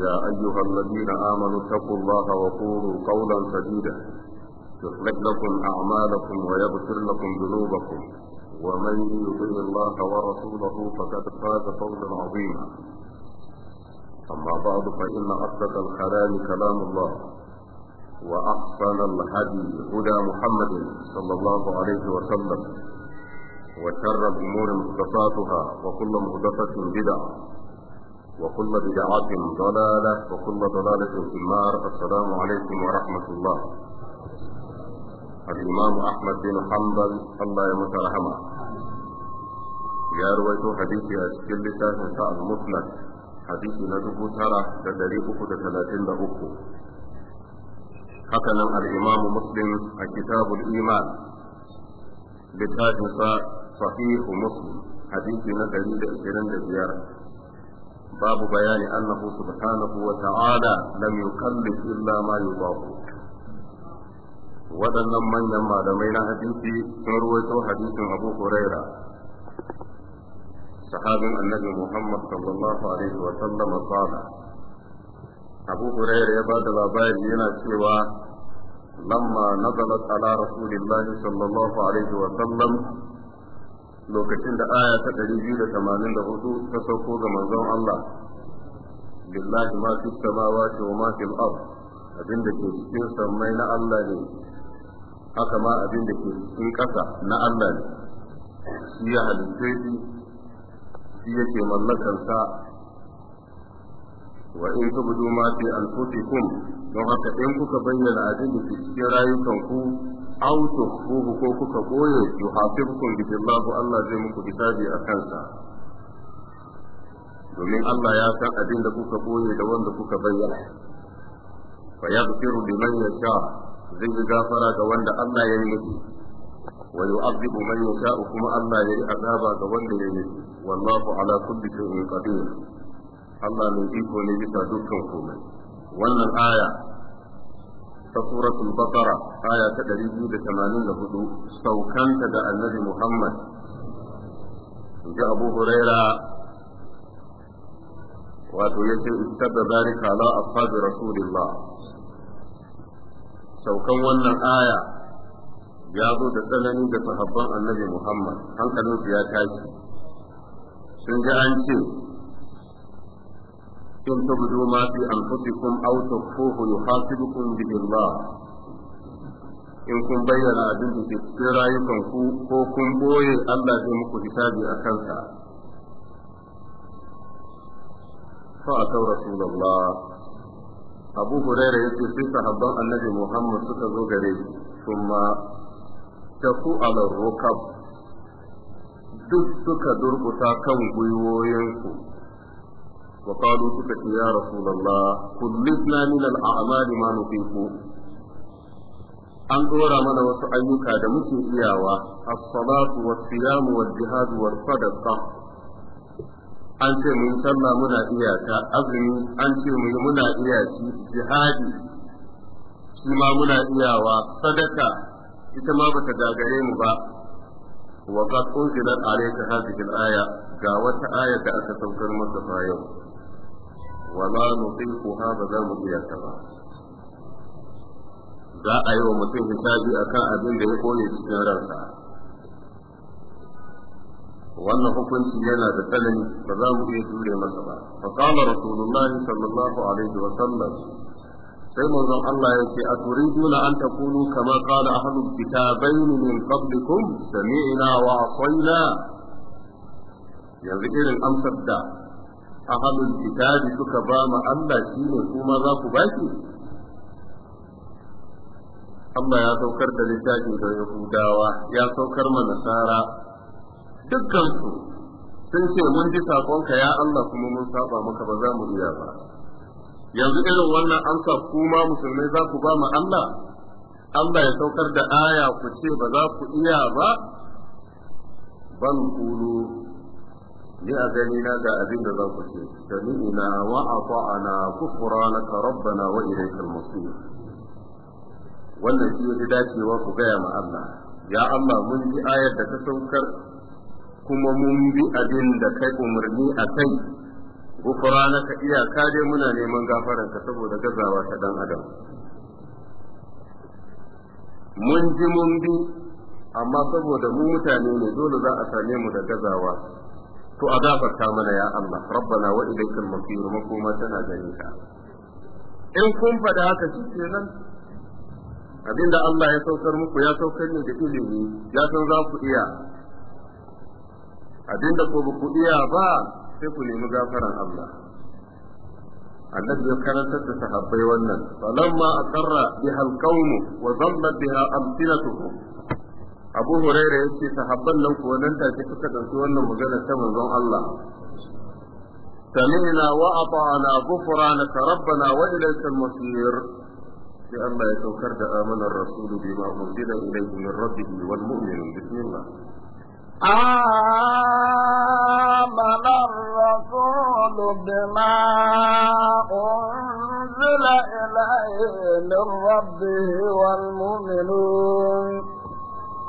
يا أيها الذين آمنوا اتقوا الله وقولوا قولا سديدا يصلح لكم أعمالكم ويغفر لكم ذنوبكم ومن يطع الله ورسوله فقد فاز فوزا عظيما أما بعد فإن أصدق الكلام كلام الله وأحسن الهدي هدى محمد صلى الله عليه وسلم وشر الأمور مختصاتها وكل مهدفة بدعة وكل بدعة ضلالة وكل ضلالة في النار السلام عليكم ورحمة الله الإمام أحمد بن حنبل الله يمت رحمه يا رويت حديثي أشكلتا نساء المسند حديثي ندبو ترى تدريبك تتلاتين حكنا الإمام مسلم الكتاب الإيمان بتاج نساء صحيح مسلم حديثنا hadisi na 125 باب بيان أنه سبحانه وتعالى لم يكلف إلا ما يطاق waɗannan manyan malamai na hadisi sun ruwaito hadisin abu huraira sahabin annabi muhammad sallallahu alaihi wa sallama qala abu huraira ya bada labari yana cewa lamma nazalat ala rasulillahi sallallahu alaihi wa sallam lokacin da aya ta 284 ta sauko ga manzon Allah billahi ma fi samawati wa ma al ard da ke cikin sammai na Allah ne haka ma abin da ke cikin ƙasa na Allah ne shi ya halitta shi shi yake mallakan sa wa in tubdu ma fi anfusikum don haka in kuka bayyana abin da ke cikin rayukanku aw tukhfuhu ko kuka koye yuhasibukum bihi Allahu Allah zai muku hisabi a kansa domin Allah ya san abin da kuka boye da wanda kuka bayyana fa yaghfiru liman yasha zai yi gafara ga wanda Allah ya yi wa yu'adhibu man yasha kuma Allah ya yi azaba ga wanda ya yi wallahu ala kulli shay'in qadir Allah mai iko ne bisa dukkan komai wannan aya ta suratul baqara aya ta 284 saukanta da annabi Muhammad da Abu Huraira wato yace istadda zalika ala ashabi rasulillah saukan wannan aya ya zo da tsanani da sahabban annabi Muhammad hankalinsu ya tashi sun ji an ce إن تبدوا ما في أنفسكم أو تخفوه يحاسبكم به الله in kun bayyana abin da ke cikin rayukanku ko kun boye Allah zai muku hisabi a kansa fa a tau rasulullah abu huraira ya ce sai sahabban annabi muhammad suka zo gare shi kuma taku ala rukab duk suka durkuta kan gwiwoyinku وقالوا سكت يا رسول الله كلفنا من الأعمال ما نطيق an dora mana wasu ayyuka da muke iyawa as-salatu was-siyam wal-jihad was-sadaqa an ce mun sallah muna iyaka azumi an ce mun muna iya shi jihadi shi ma muna iyawa ita ma bata gagare mu ba wa ƙungiyar unzilat aya ga wata aya da aka saukar masa fa yau wala nutiquha ba za mu iya ta ba za a yi wa mutum hisabi akan abin da ya koye cikin ransa wannan hukunci yana da tsanani ba za mu iya jure masa ba fa qala rasulullahi sallallahu alaihi wa sallam sai manzon Allah ya ce a turiduna an kamar kama qala ahlul kitabain min qablikum sami'na wa asayna yanzu irin amsar da ahalul kitabi suka ba mu Allah shine kuma za ku baki Allah ya saukar da littafin ya Yahudawa ya saukar ma Nasara dukkan su sun ce mun ji sakonka ya Allah kuma mun saba maka ba za mu iya ba yanzu irin wannan amsa kuma musulmai za ku ba mu Allah Allah ya saukar da aya ku ce ba za ku iya ba ban kulu ni a gani na ga abin da za ku ce sami'ina wa na ka rabbana wa ilaykal masir wannan shi ne dacewa ku gaya ma Allah ya Allah mun ji ayar da ta saukar kuma mun bi abin da kai umarni a kai ka iyaka dai muna neman gafaranka saboda gazawa ta dan adam mun ji mun bi amma saboda mu mutane ne dole za a same mu da gazawa to a gafarta mana ya Allah rabbana wa ilaikal masir makoma tana gare ka in kun faɗa haka nan. abinda Allah ya saukar muku ya saukar ne da ilimi ya san za ku iya abinda ko ba ku iya ba sai ku nemi gafaran Allah annabi ya karanta da sahabbai wannan falamma aqarra bihal qawmu wa dhanna biha amsilatuhum abu huraira ya ce sahabban nan kuwa nan take suka ɗauki wannan magana ta manzon Allah سمعنا وأطعنا غفرانك ربنا وإليك المصير في الله يتوكر آمن الرسول بما أنزل إليه من ربه والمؤمن بسم الله آمن الرسول بما أنزل إليه من ربه والمؤمنون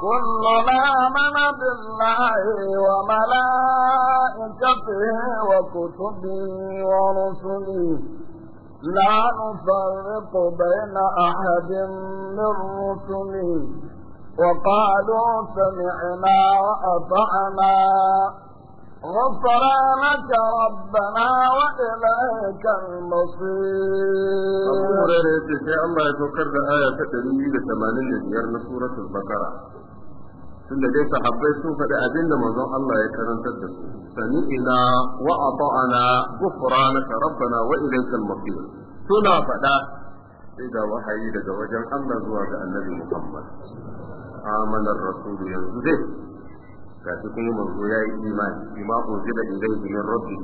كل ما منت بالله وملائكته وكتبه ورسله لا نفرق بين أحد من رسله وقالوا سمعنا وأطعنا غفرانك ربنا وإليك المصير أبو مريرة الله يتوكر آية تدريب 85 من سورة البقرة tunda dai sahabbai sun faɗi abin da manzon Allah ya karantar da su sami ina wa ata'ana ghufranaka rabbana wa ilaykal maqir suna faɗa sai ga wahayi daga wajen Allah zuwa ga Annabi Muhammad amana rasul yanzu dai kashi kuma manzo yayi imani bima unzila ilayhi min rabbih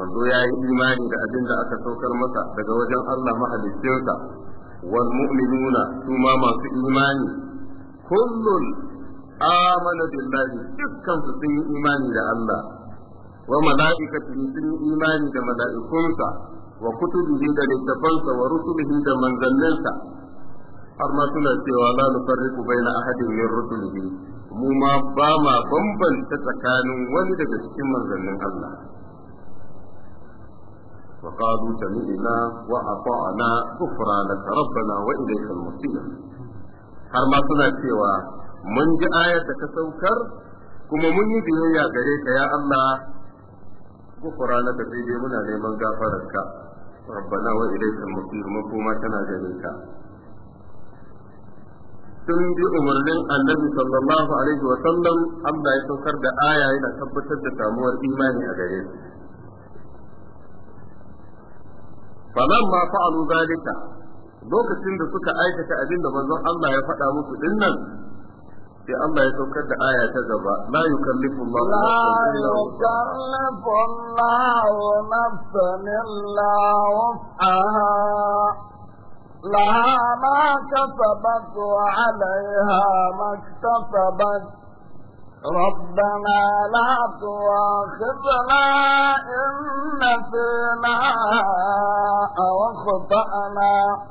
manzo yayi imani da abin da aka saukar masa daga wajen Allah mahaliccinsa wal mu'minuna su ma masu imani kullun amana billahi dukkan su sun yi imani da Allah wa mala'ikatihi sun yi imani da mala'ikunsa wa kutubihi da littafansa wa rusulihi da manzanninsa har ma suna cewa la nufarriqu baina ahadin min rusulihi mu ma ba ma bambanta tsakanin wani daga cikin manzannin Allah وقالوا سمعنا وأطعنا غفرانك ربنا وإليك المصير har ma suna cewa mun ji ayar da ka saukar kuma mun yi biyayya gare ka ya Allah gufranaka da dai muna neman gafararka rabbana wa ilayka al-masir kuma tana gare ka sun bi umarnin annabi sallallahu alaihi wa sallam Allah ya saukar da aya yana tabbatar da samuwar imani a gare su falamma fa'alu zalika lokacin da suka aikata abin da manzon Allah ya faɗa musu dinnan في الله يتوكد آية تجرى ما يكلف الله لا يكلف الله نفسا إلا وفعها لها ما كسبت وعليها ما اكتسبت ربنا لا تواخذنا إن فينا أو خطأنا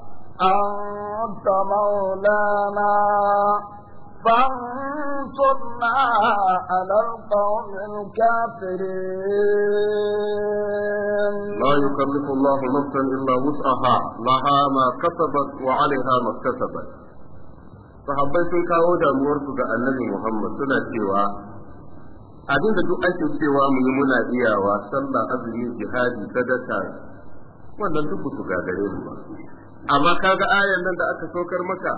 أنت مولانا فانصرنا على القوم الكافرين لا يكلف الله نفسا إلا وسعها لها ما كسبت وعليها ما اكتسبت sahabbai sun kawo damuwarsu ga annabi Muhammad suna cewa abin da duk ake cewa mu yi muna iyawa sallah azumi jihadi sadaka wannan duk su gagare mu ba amma kaga ayan nan da aka saukar maka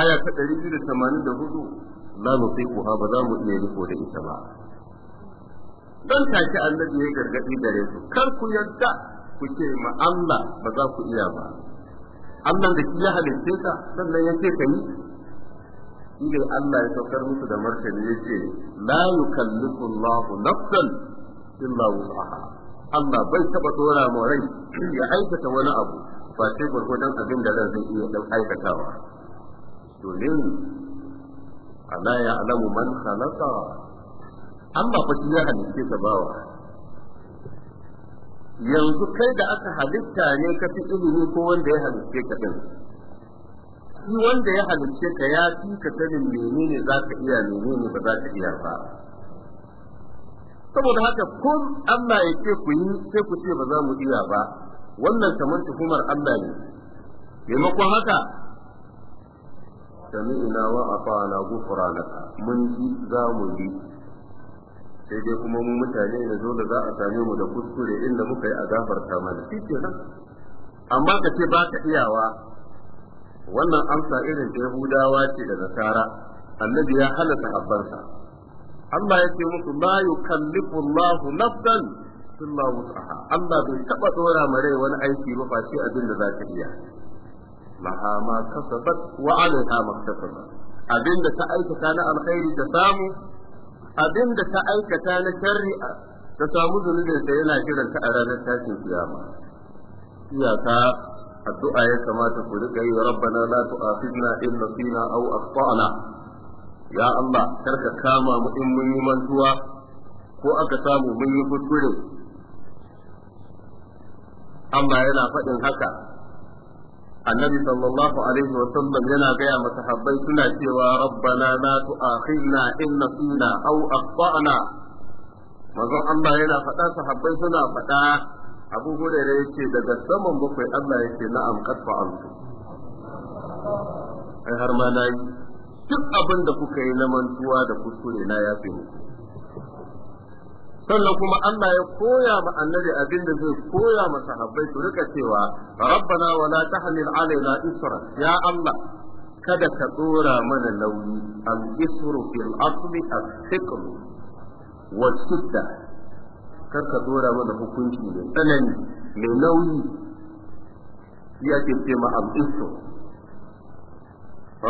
aya ta 284 sai kuwa ba za mu iya riko da ita ba dan take annabi ya gargaɗi da su kar ku yadda ku ce ma Allah ba za ku iya ba Allah da ki ya halitta ka sannan ya ce kai idan Allah ya saukar musu da martani ya ce la yukallifu Allahu nafsan illa wus'aha Amma bai taba tsora ma rai ya aikata wani abu ba sai gurgudan abin da zai iya dan aikatawa ne, ala ya alamu man khalaqa amma ba shi ya halitta ka bawa yanzu kai da aka halitta ne ka fi ilimi ko wanda ya halitta ka din shi wanda ya halitta ka ya fi ka sanin menene za ka iya menene ba za ka iya ba saboda haka ko Allah ya ce ku yi sai ku ce ba za mu iya ba wannan kamar tuhumar Allah ne maimakon haka sami'ina wa afa'ana ghufranaka mun ji za mu yi sai dai kuma mu mutane da zo da za a same mu da kuskure inda muka yi a gafarta mana shi kenan amma ka ce ba ka iyawa wannan amsa irin ta Yahudawa ce da Nasara annabi ya halaka abbarsa. Allah ya ce musu la yukallifu Allah nafsan illa wus'aha Allah bai taba dora mare wani aiki ba face abin da za ta iya laha ma kasabat wa 'alayha ma kasabat abin da ta aikata na alkhairi ta samu abin da ta aikata na sharri ta samu zunubin sa yana kiran ta a ranar tashin kiyama iyaka addu'a ya kamata ku riƙa yi rabbana la tu'akhidna in nasina aw akhtana ya Allah karka kama mu in mun yi mantuwa ko aka samu mun yi kuskure Amma yana faɗin haka annabi sallallahu alaihi wa sallam yana gaya masa habbai suna cewa rabbana la tu'akhidna in nasina aw akhtana manzon Allah yana faɗa sahabbai suna faɗa Abu Hurairah yace daga saman bakwai Allah yake na'am qad fa'altu ai har ma nayi duk abin da kuka yi na mantuwa da kuskure na ya fi muku sannan kuma Allah ya koya ma annabi abin da zai koya ma sahabbai su rika cewa rabbana la tahmil alaina isra ya Allah kada ka dora mana nauyi al isru fil asli al wa sidda kar ka dora mana hukunci mai tsanani mai nauyi ya ce ma al isru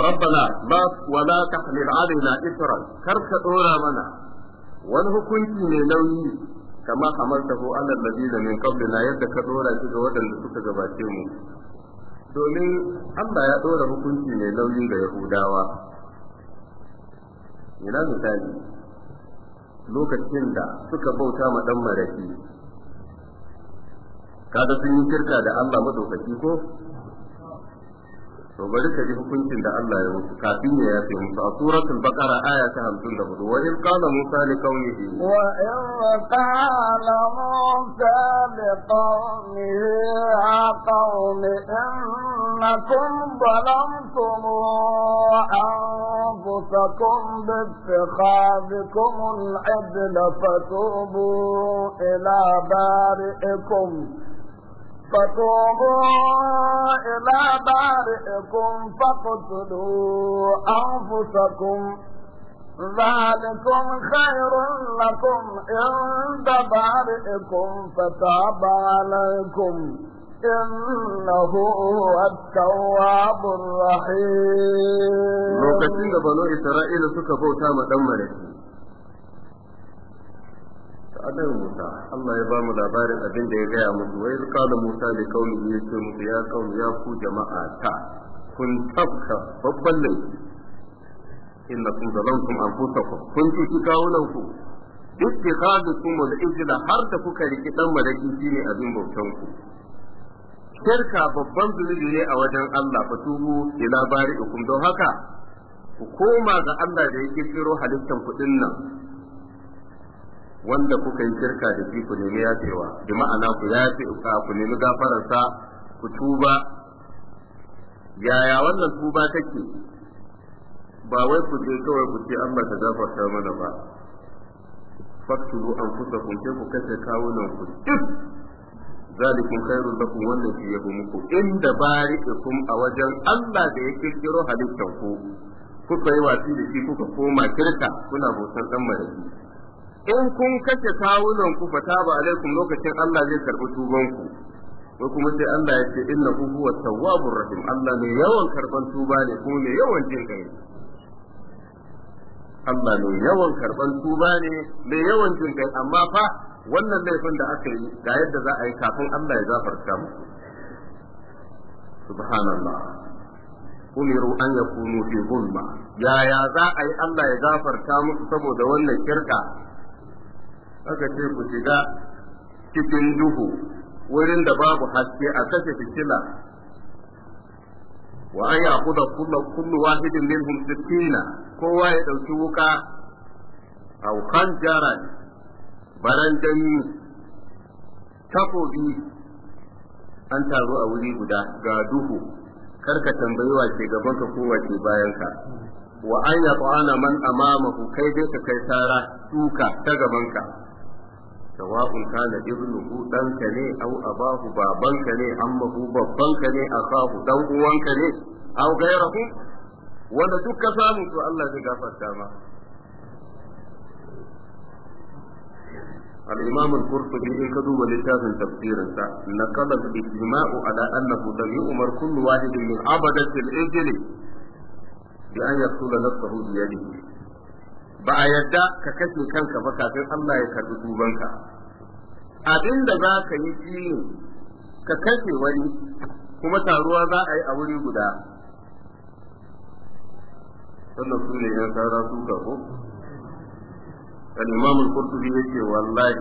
rabbana la wala tahmil alaina isra kar ka dora mana wani hukunci mai nauyi kamar kama hamaltahu ala alladina min na yadda ka dora shi ga waɗanda suka gabace mu domin Allah ya dora hukunci mai nauyi ga Yahudawa ina misali lokacin da suka bauta ma dan maraki kaga sun yi kirka da Allah madaukaki ko to bari ka ji hukuncin da Allah ya musu kafin ya yafe musu a suratul baqara aya ta 54 wa in qala musa li qaumihi wa in qala musa li qaumihi ya qaumi innakum zalamtum anfusakum bi ittikhadikum al-ajla fatubu ila bari'ikum فتوبوا إلى بارئكم فاقتلوا أنفسكم ذلكم خير لكم عند بارئكم فتاب عليكم إنه هو التواب الرحيم لوكتين بنو إسرائيل سكبوا تام دمرك annabi Musa Allah ya ba mu labarin abin da ya gaya musu wai da Musa li ya ce musu ya qaumi ya ku jama'a ta kun tabka babban laifi innakum zalamtum anfusakum kun tuki kawunan ku ittikhadakum al-ijla har da kuka riki dan madaki shine abin bautan ku shirka babban zunubi ne a wajen Allah fatubu ila bari'ikum don haka ku koma ga Allah da ya kirkiro halittan kuɗin nan wanda kuka yi shirka da shi ku nemi yafewa bi ma'ana ku yafe ku nemi gafararsa ku tuba yaya wannan tuba take ba wai ku je kawai ku ce an ba ta gafarta mana ba faktulu an kusa kun ku kace kawunan ku duk zalikum khairu lakum wannan shi yabo muku inda bari'ikum a wajen Allah da ya kirkiro halittanku ku kuka yi wasi da shi kuka koma kirka kuna bautar dan mariki in kun kace kawunan ku fa taba alaikum lokacin Allah zai karbi tubanku ko kuma sai Allah ya ce innahu huwa tawwabur rahim Allah ne yawan karban tuba ne kuma ne yawan jin kai Allah ne yawan karban tuba ne mai yawan jin kai amma fa wannan laifin da aka yi ga yadda za a yi kafin Allah ya gafarta mu subhanallah umiru an yakunu fi zulma yaya za a yi Allah ya gafarta musu saboda wannan shirka aka ce ku shiga cikin duhu wurin da babu haske a kashe fitila wa an yi akuda kullu wahidin minhum sittina kowa ya dauki wuka aw khanjara barandan takobi an taru a wuri guda ga duhu karka tambayi wa ke gaban ka ko wa ke bayanka wa an yaqana man amamahu kai dai ka kai tara tuka ta gaban ka. sawa'un kana ibnuhu danka ne aw abahu babanka ne ammahu babbanka ne akahu dan uwanka ne aw gairahu wanda duk ka samu to Allah zai gafarta ma الإمام القرطبي إن كذوب لتاف تفسيرا نقل الإجماع على أنه لم يؤمر كل واحد من عبدة الإجل بأن يقتل نفسه بيده ba a yadda ka kashe kanka ba kafin Allah ya karbi dubanka abin da za ka yi shi ka kashe wani kuma taruwa za a yi a wuri guda wannan su ne yan sara su ka ko al-imam al-qurtubi yace wallahi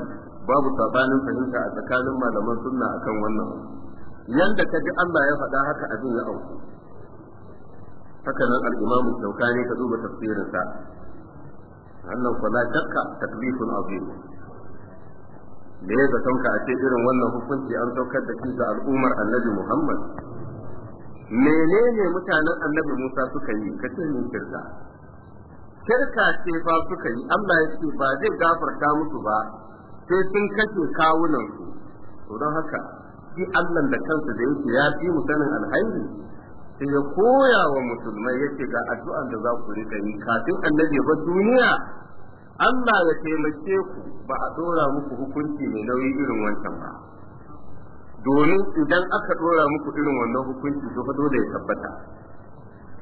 babu sabanin fahimta a tsakanin malaman sunna akan wannan yanda ka ji Allah ya faɗa haka abin ya auku haka nan al-imam al-shawkani ka duba tafsirinsa wannan ko la shakka taklifun azim me ya a ce irin wannan hukunci an saukar da shi ga al'ummar annabi Muhammad menene mutanen annabi Musa suka yi kace mun kirka kirka ce fa suka yi Allah ya ce ba zai gafarta musu ba sai sun kashe kawunan su don haka shi Allah da kansa da yake ya fi mu sanin sai ya koya wa musulmai yake ga addu'an da za ku rika yi kafin annabi ba duniya Allah ya taimake ku ba a dora muku hukunci mai nauyi irin wancan ba domin idan aka dora muku irin wannan hukunci to dole ya tabbata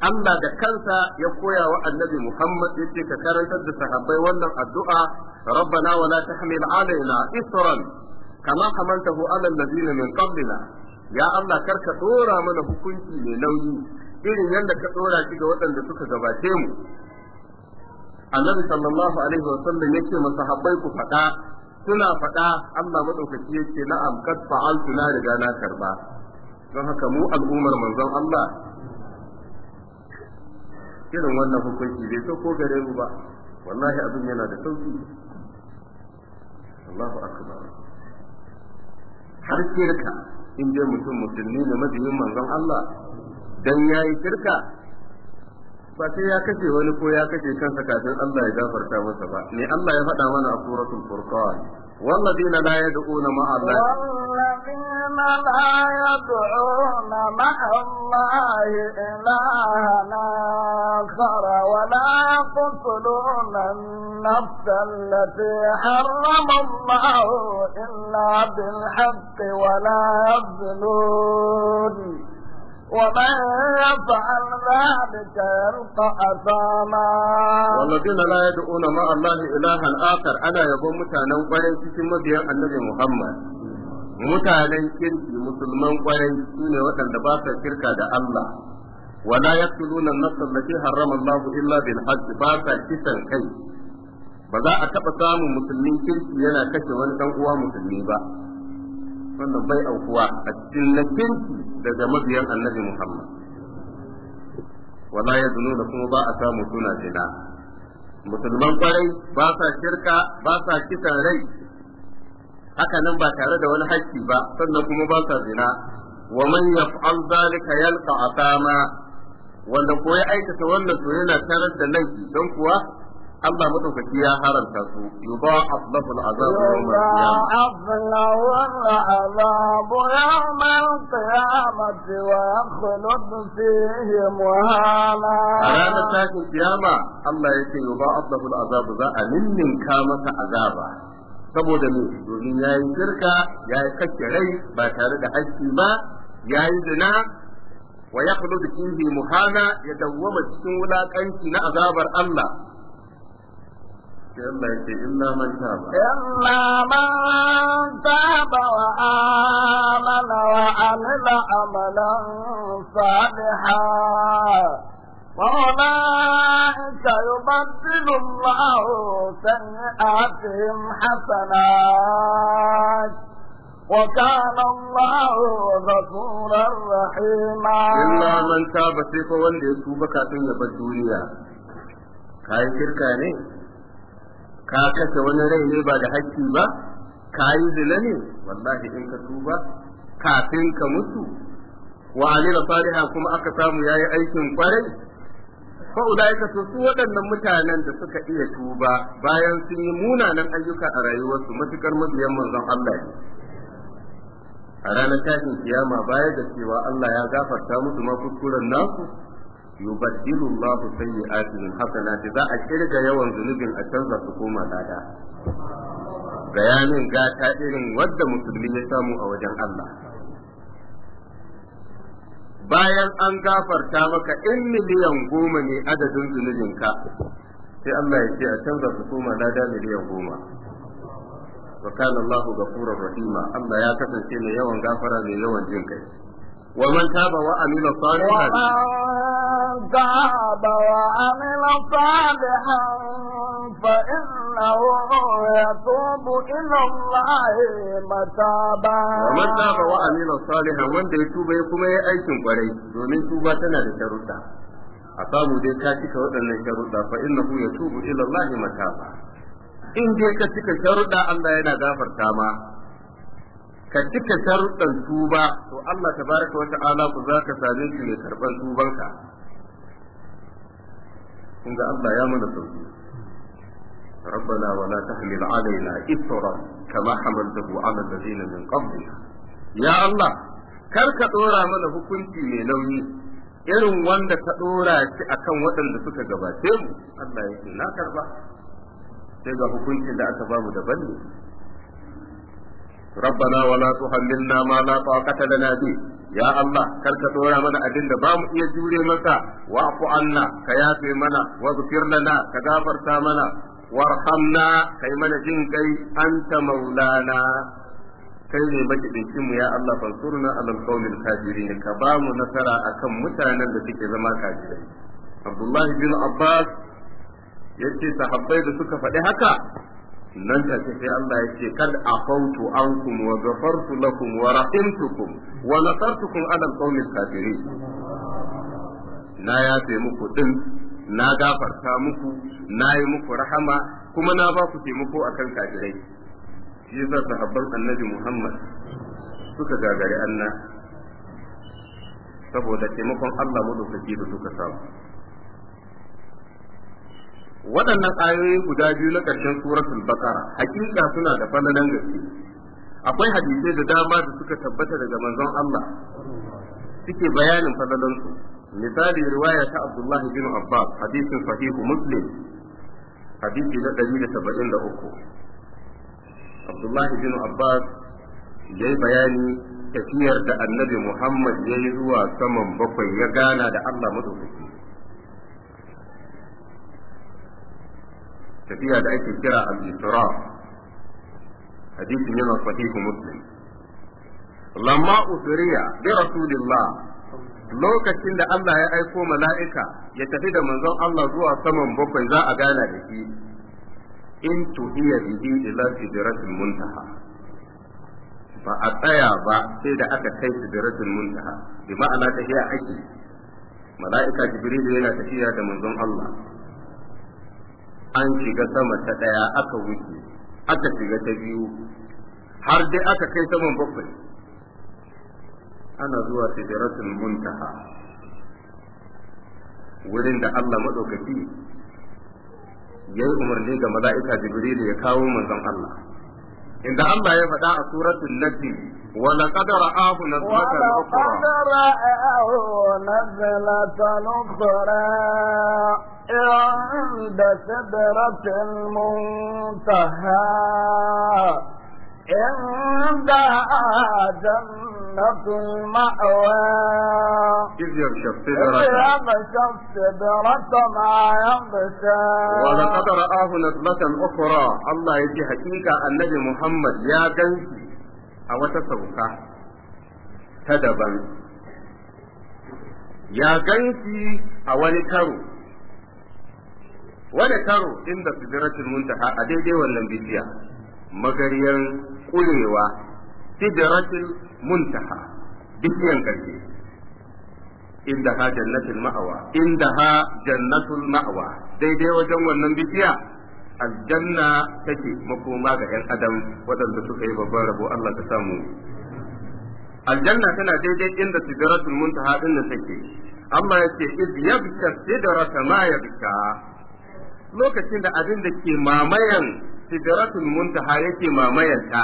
Allah da kansa ya koya wa annabi Muhammad yace ka karantar da sahabbai wannan addu'a rabbana wala tahmil alaina isran kama hamaltahu ala alladhina min qablina ya Allah kar ka dora mana hukunci mai nauyi irin yadda ka dora shi ga waɗanda suka gabace mu annabi sallallahu alaihi wa sallam yake masahabbai ku faɗa suna faɗa Allah madaukaki yake na'am kad fa'altu na riga na karba don haka mu al'ummar manzon Allah irin wannan hukunci bai so ko gare mu ba wallahi abin yana da sauki Allahu akbar har ka. in dai mutum musulmi ne mabiyin manzon Allah dan yayi shirka ba sai ya kace wani ko ya kace kansa kafin Allah ya gafarta masa ba ne Allah ya faɗa mana a suratul furqan والذين لا يدعون مع الله والذين لا يدعون مع الله إلهنا آخر ولا يقتلون النفس التي حرم الله إلا بالحق ولا يبذلون ومن يفعل ذلك يلقى أثاما والذين لا يدعون مع الله إلها آخر أنا يقوم متانا وقرن كما بيا النبي محمد mutanen kirki musulman kwarai su ne waɗanda ba sa kirka da Allah wala yaqtuluna an-nafs allati harrama Allah illa bil ba sa kisan kai ba za a taɓa samun musulmin kirki yana kashe wani ɗan uwa musulmi ba wannan bai aukuwa a cikin daga mabiyan annabi Muhammad wala da kuma ba a samu suna zina musulman kwarai ba sa shirka ba sa kisan rai haka nan ba tare da wani haƙƙi ba sannan kuma ba sa zina wa man yaf'al zalika yalqa atama wanda ko ya aikata wannan to yana tarar da laifi don kuwa Allah madaukaki ya haramta su yudha'af lahu al'azab yawm al-qiyamati wa yakhlud fihi a ranar tashin kiyama Allah yake yudha'af lahu al'azab za a ninninka masa azaba saboda me domin yayi shirka yayi kake rai ba tare da haƙƙi ba yayi zina wa da fihi muhana ya dawwama cikin wulakanci na azabar Allah إلا إلا من تاب إلا من تاب وآمن وعمل عملا صالحا وأولئك يبدل الله سيئاتهم حسنات وكان الله غفورا رحيما إلا من تاب سيكون ليتوب كاتن يبدو كاي شركة ka kashe wani rai ne ba da hakki ba ka yi zina ne wallahi in ka tuba kafin ka mutu wa alila saliha kuma aka samu yayi aikin kwarai fa ulaika to su waɗannan mutanen da suka iya tuba bayan sun yi munanan ayyuka a rayuwarsu matukar mabiyan manzon Allah ne a ranar tashin kiyama baya da cewa Allah ya gafarta musu ma kuskuren nasu yubaddilu Allahu sayyi'atihim hasanati za a kirga yawan zunubin a canza su koma lada bayanin gata irin wadda musulmi ya samu a wajen Allah bayan an gafarta maka in miliyan goma ne adadin zunubinka sai Allah ya ce a canza su koma lada miliyan goma wa kana Allahu ghafurur rahima Allah ya kasance mai yawan gafara mai yawan jin kai Wa mantaba wa Aminu Salihu. Wa mantaba wa Aminu Salihu. Fa'in na buɗe, tuba, illa Allah ya mata wanda ya kuma ya aikin kwarai domin tuba tana dai ka cika waɗannan tarurra, fa'in na buɗe, tuba, illa Allah ya In je ka cika kyau Allah yana gafar sama. ka cika sharuɗan tuba to Allah tabaraka wa ta'ala ku za ka same shi ne karɓar tubanka inda Allah ya mana sauki ربنا ولا تحمل علينا إصرا كما حملته على الذين من Ya Allah kar ka دورا mana hukunci mai nauyi irin wanda ka dora shi akan waɗanda suka gabace mu Allah yake na karba sai ga hukuncin da aka bamu daban ne ربنا ولا تحملنا ما لا طاقة لنا به يا الله كرك دورا من أدن بام يجوري مكا واعف عنا كيافي منا واغفر لنا كغافر تامنا وارحمنا كيمن جنكي أنت مولانا kai ne makidincin mu ya Allah fansurna alal qawmil kafirin ka ba mu nasara kan mutanen da suke zama kafirai Abdullahi bin Abbas yace sahabbai da suka faɗi haka nan ta ce sai Allah ya ce kad afautu ankum wa ghafartu lakum wa rahimtukum wa nasartukum ala alqawmi alkafirin na ce muku din na gafarta muku na yi muku rahama kuma na ba ku taimako akan kafirai shi yasa sahabban annabi Muhammad suka gagari Allah saboda taimakon Allah madaukaki da suka samu waɗannan ayoyi guda biyu na ƙarshen suratul baqara hakika suna da falalan gaske akwai hadisai da dama da suka tabbata daga manzon Allah suke bayanin falalan su misali riwaya ta Abdullah bin Abbas hadisin sahihu Muslim hadisi na 173 Abdullah bin Abbas yayi bayani tafiyar da Annabi Muhammad yayi zuwa saman bakwai ya gana da Allah madaukaki tafiya da ake kira al-isra hadisin yana sahihu muslim lamma usriya bi rasulillah lokacin da Allah ya aiko mala'ika ya tafi da manzon Allah zuwa saman bakwai za a gana da shi in tuhiya bihi ila sidratil muntaha ba a tsaya ba sai da aka kai sidratil muntaha bi ma'ana tafiya ake mala'ika jibril yana tafiya da manzon Allah an shiga sama ta ɗaya aka wuce aka shiga ta biyu har dai aka kai saman bakwai ana zuwa sidratul muntaha wurin da Allah madaukaki ya yi umarni ga mala'ika Jibrilu ya kawo manzon Allah inda Allah ya faɗa a suratul najm ولقد رآه نزلة أخرى ولقد رآه نزلة أخرى عند سدرة المنتهى عندها جنة المأوى إذ يغشى السدرة ما يغشى ولقد رآه نزلة أخرى الله يجي حقيقة النبي محمد يا جنسي a wata sauka ta daban ya ganki a wani karo wani karo inda sidratul muntaha a daidai wannan bidiya magariyar kulewa sidratul muntaha bidiyan karshe inda ha jannatul ma'awa inda ha jannatul ma'awa daidai wajen wannan bidiya aljanna take makoma ga yan adam waɗanda suka yi babban rabo Allah ta samu aljanna tana daidai inda sidratul muntaha din take Allah ya ce id yabka sidrata ma yabta, lokacin da abin da ke mamayan sidratul muntaha yake mamayanta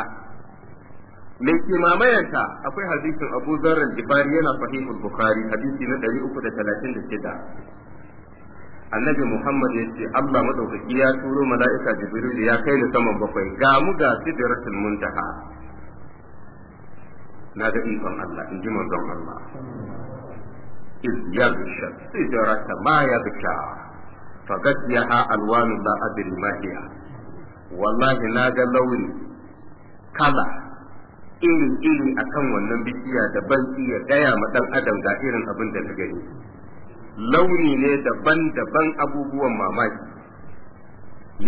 mai ke mamayanta akwai hadisin Abu Dharr al-Jibari yana sahihul Bukhari hadisi na 336 annabi Muhammad ya ce Allah madaukaki ya turo mala'ika Jibril ya kai ni saman bakwai ga mu ga sidratul muntaha na ga ikon Allah in ji manzon Allah iz yabsha sidrata ma yabsha ya ha alwanu la adri ma hiya wallahi na ga launi kala iri iri akan wannan bishiya da ban iya gaya ma dan adam ga irin abin da na gani launi ne daban-daban abubuwan mamaki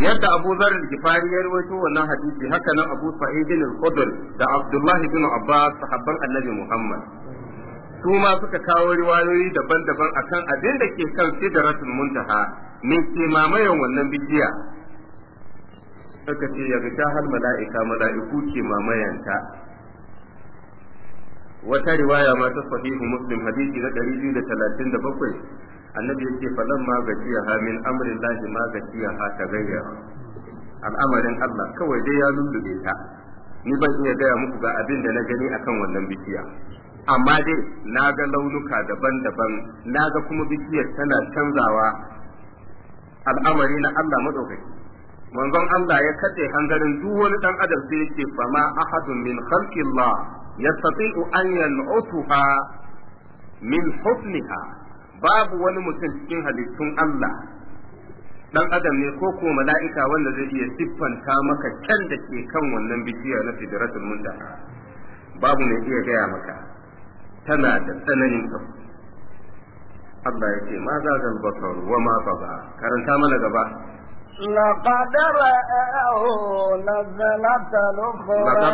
yadda Abu Zar al ya rawaito wannan hadisi haka nan Abu Sa'id al qudr da Abdullahi, bin Abbas sahabban Annabi Muhammad su ma suka kawo riwayoyi daban-daban akan abin da ke kan sidratul muntaha min mamayen wannan bidiya suka ce ya ga hal mala'ika mala'iku ke mamayanta wata riwaya ma ta sahihu muslim hadisi na bakwai, annabi yake falan ma gajiya ha min amrin lahi ma gajiya ha ta gayya al'amarin Allah kawai dai ya lullube ta ni ban iya gaya muku ga abin da na gani akan wannan bikiya. amma dai na ga launuka daban-daban na ga kuma bikiyar tana canzawa al'amari na Allah maɗaukaki manzon Allah ya kace hangarin duk wani ɗan adam sai yake fama ahadun min khalqillah yastati an yan'utuha min husniha babu wani mutum cikin halittun Allah dan adam ne ko kuma mala'ika wanda zai iya siffanta maka kyan da ke kan wannan bishiya na sidratul muntaha babu mai iya gaya maka tana da tsananin Allah ya ce ma za zan wa ma ba karanta mana gaba لقد رآه نزلة الأخرى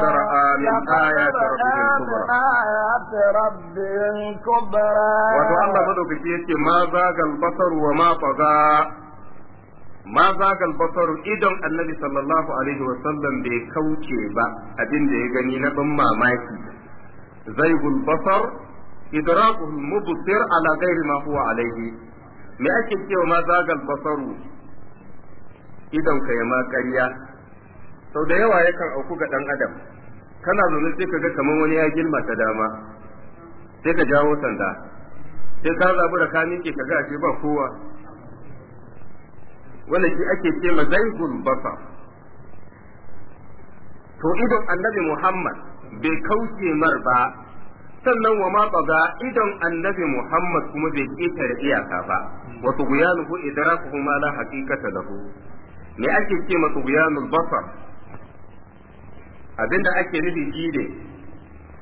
لقد رأى من آيات ربه الكبرى آيات ربه الكبرى وتعالى بدو في ما زاغ البصر وما طغى ما زاغ البصر إذن النبي صلى الله عليه وسلم بكوكي با أبين دي ما نبما مايكي زيغ البصر إدراكه المبصر على غير ما هو عليه ما أكيد ما زاغ البصر idan ka yama ƙarya sau da yawa yakan auku ga ɗan adam kana zaune sai ka ga kamar wani ya girma ta dama sai ka jawo sanda sai ka zabi da ka miƙe ka ga ba kowa wanda shi ake ce ma zaigul basa to idon annabi muhammad bai kauce mar ba sannan wa ma baga idon annabi muhammad kuma bai ƙetare iyaka ba wasu guyanuhu idrakuhu ma la haqiqata lahu me ake ce ma tubyanul basar abinda ake nufi ne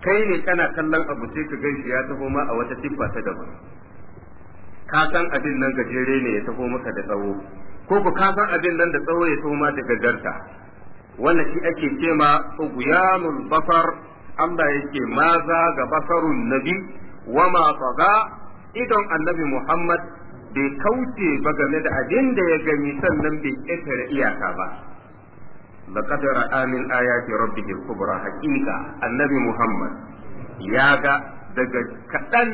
kai ne kana kallon abu sai ka gaishe ya taho ma a wata siffa ta daban ka san abin nan gajere ne ya taho maka da tsawo ko ku ka san abin nan da tsawo ya taho ma da gajarta wannan shi ake ce ma tubyanul basar Allah yake maza ga basarun nabi wa ma taga idon annabi Muhammad bai kauce ba game da abin da ya gani sannan bai ƙetare iyaka ba laqad ra'a min ayati rabbih ke kubra haƙiƙa, annabi muhammad ya ga daga kaɗan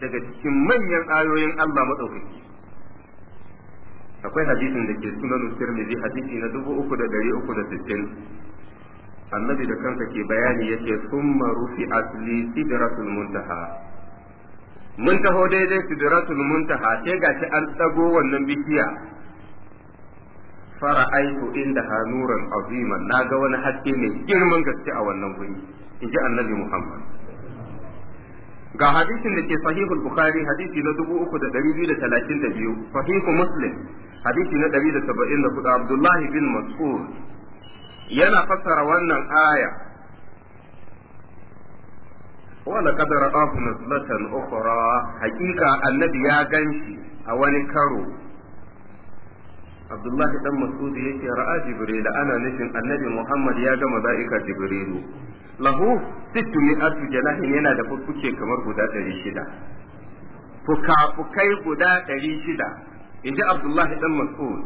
daga cikin manyan ayoyin Allah maɗaukaki. akwai hadisin da ke sunan tirmidhi hadisi na dubu uku uku da da sittin. annabi da kansa ke bayani yake summa rufi asli sidratul muntaha mun taho daidai sidratul muntaha sai ga gashi an tsago wannan bishiya fara'aitu inda hanuran aziman na ga wani haske mai girman gaske a wannan guri in ji annabi muhammad ga hadisin da ke sahihul bukhari hadisi na dubu uku da da da dari biyu talatin biyu, sahihu muslim hadisi na dari da da saba'in 174 abdullahi bin mas'ud yana fassara wannan aya wala kadara ahu nazlatan ukhra hakika annabi ya ganshi a wani karo Abdullahi dan ya yake ra'a Jibril ana nufin annabi Muhammad ya ga malaika Jibrilu lahu sittu mi'atu janahin yana da fuffuke kamar guda 600 fuka-fukai guda 600 inda Abdullahi dan Mas'ud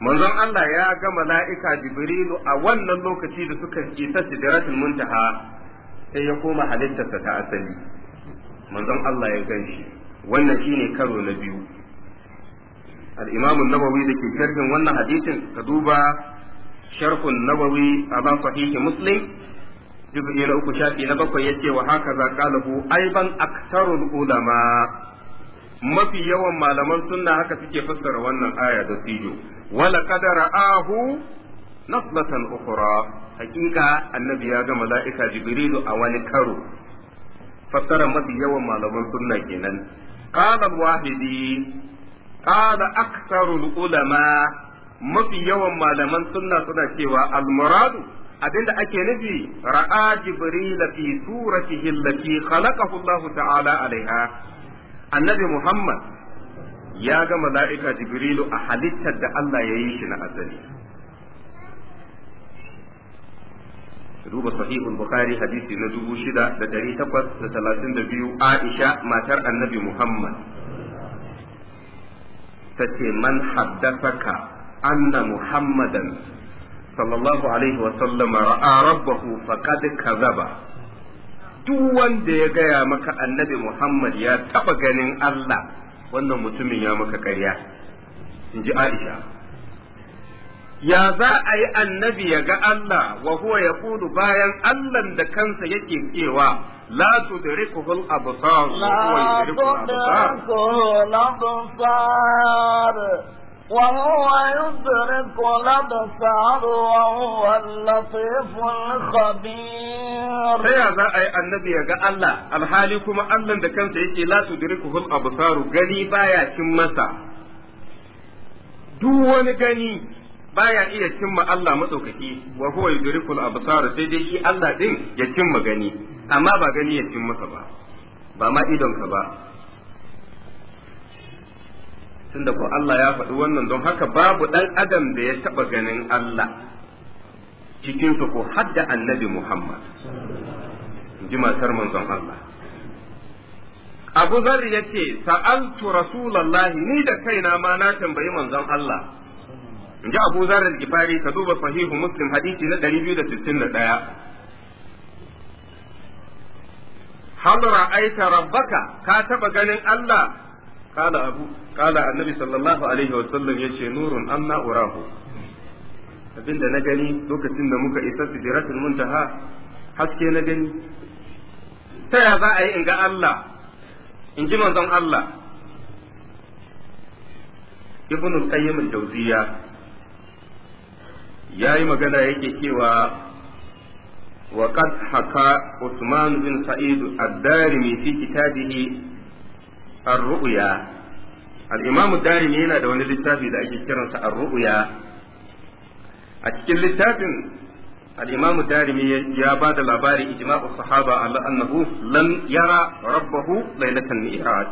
manzon Allah ya ga malaika Jibrilu a wannan lokaci da suka isa sidratul muntaha sai ya koma halittarsa ta asali manzon Allah ya gan shi wannan shine karo na biyu al-imam an-nawawi dake sharhin wannan hadisin ka duba sharhun nawawi a ba sahihi muslim juz'i na uku shafi na bakwai yace wa haka za qalahu aiban aktarul ulama mafi yawan malaman sunna haka suke fassara wannan aya da tijo wala qadara ahu naslatan ukhra hakika annabi ya ga mala'ika jibrilu a wani karo fassara mafi yawan malaman sunna kenan qala wahidi qala aktharul ulama mafi yawan malaman sunna suna cewa al muradu abinda ake nufi ra'a jibril fi suratihi allati khalaqahu Allah ta'ala alaiha annabi muhammad ya ga mala'ika jibrilu a halittar da Allah ya yi shi na asali duba sahihul bukhari hadisi na dubu shida da dari takwas da talatin da biyu aisha matar annabi muhammad ta ce man haddasaka anna muhammadan sallallahu alaihi wa sallama ra'a rabbahu faqad kazaba duk wanda ya gaya maka annabi muhammad ya taba ganin allah wannan mutumin ya maka karya. in ji aisha ya za a yi annabi ya ga Allah wa huwa ya kudu bayan Allah da kansa yake cewa la tudrikuhu al-absar wa huwa وهو يدرك الأبصار وهو اللطيف الخبير sai za a yi annabi ya ga Allah alhali kuma Allah da kansa yake la tudrikuhu al-absar gani baya cin masa duk wani gani baya iya cimma Allah matsaukaki wa huwa yudrikul absar sai dai shi Allah din ya cimma gani amma ba gani ya cimma ka ba ba ma idon ka ba tunda ko Allah ya faɗi wannan don haka babu ɗan adam da ya taba ganin Allah cikin su ko hadda annabi Muhammad ji matar manzon Allah Abu Zar ya ce sa'altu Rasulullahi ni da kaina ma na tambayi manzon Allah in ji abu zarar al-gifari ka duba sahihu muslim hadisi na 261 hal ra'aita rabbaka ka taba ganin Allah kala abu kala annabi sallallahu alaihi wa sallam yace nurun anna urahu abinda na gani lokacin da muka isa sidratul muntaha haske na gani ta ya za a yi in ga Allah in ji manzon Allah ibn al-qayyim al-jawziyya yayi magana yake cewa wa qad haka Usman bin Sa'id ad-Darimi fi kitabihi ar-ru'ya al-Imam ad-Darimi yana da wani littafi da ake kiransa ar-ru'ya a cikin littafin al-Imam ad-Darimi ya ba da labari ijma'u sahaba Allah, annahu lam yara rabbahu lailatan mi'raj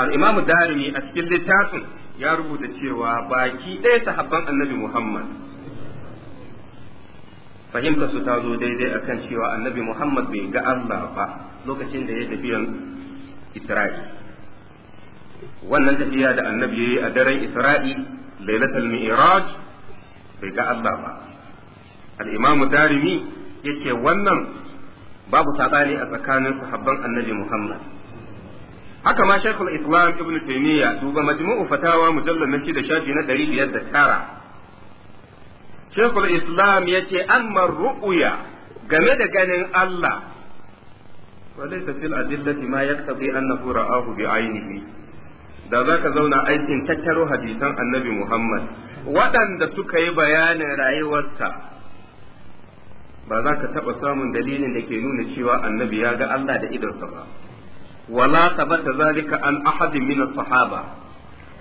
al-Imam ad-Darimi a cikin littafin ya rubuta cewa baki ɗaya sahabban annabi Muhammad fahimta su ta zo daidai akan cewa annabi Muhammad bai ga Allah ba lokacin da ya tafiyan Isra'i wannan tafiya da annabi yayi a daren Isra'i lailatul mi'raj bai ga Allah ba al-imamu darimi yake wannan babu saɓani a tsakanin sahabban annabi Muhammad haka ma shaykhul islam ibn taymiya duba majmu'u fatawa mujallal na da shafi na 509 shaykhul islam yace amma ru'ya game da ganin Allah walaysa fil adillati ma yaktabi annahu ra'ahu bi ainihi da zaka zauna aikin tattaro hadisan annabi Muhammad waɗanda suka yi bayanin rayuwarsa ba za ka taɓa samun dalilin da ke nuna cewa annabi ya ga Allah da idonsa ba wala tabata zalika an ahadin min sahaba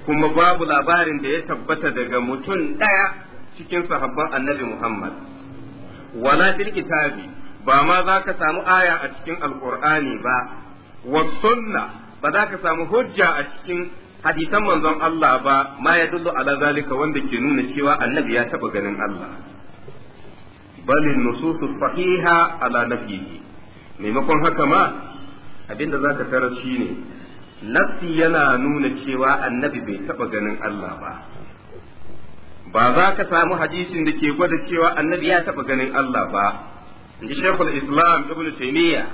kuma babu labarin da ya tabbata daga mutum ɗaya cikin sahabban annabi Muhammad wala fil kitabi ba ma za ka samu aya a cikin alqur'ani ba wa sunna ba za ka samu hujja a cikin hadisan manzon Allah ba ma ya dullu ala zalika wanda ke nuna cewa annabi ya taɓa ganin Allah bal nusus sahiha ala nafihi maimakon haka ma abinda za ka tarar shi ne nafsi yana nuna cewa annabi bai taɓa ganin Allah ba ba za ka samu hadisin da ke gwada cewa annabi ya taɓa ganin Allah ba in ji islam ibn taymiya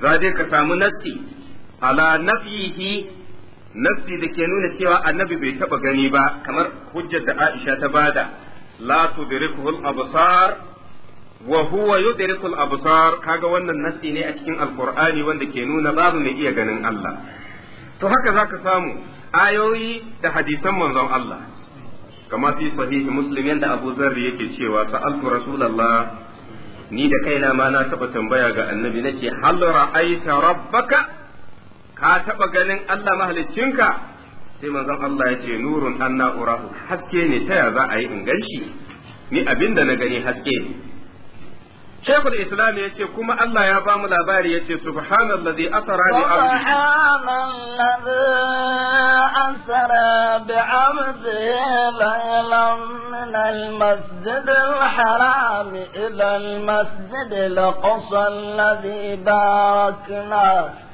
za dai ka samu nafsi ala nafihi nafsi da ke nuna cewa annabi bai taɓa gani ba kamar hujjar da aisha ta bada la tudrikuhu al-absar wa huwa yudrikul absar kaga wannan nasi ne a cikin alqur'ani wanda ke nuna babu mai iya ganin Allah to haka zaka samu ayoyi da hadisan manzon Allah kama fi sahihi muslim yanda Abu Zarri yake cewa sa'altu rasulullah ni da kaina ma na taba tambaya ga annabi nace hal ra'aita rabbaka ka taba ganin Allah mahaliccinka sai manzon Allah ya ce nurun anna urahu haske ne ta ya za a yi in ganshi ni abinda na gani haske ne Shekul Islam ya ce kuma Allah ya ba mu labari ya ce subhanallazi asara bi abdi subhanallazi asara bi abdi laylan min al-masjid al-haram ila al-masjid al-aqsa alladhi barakna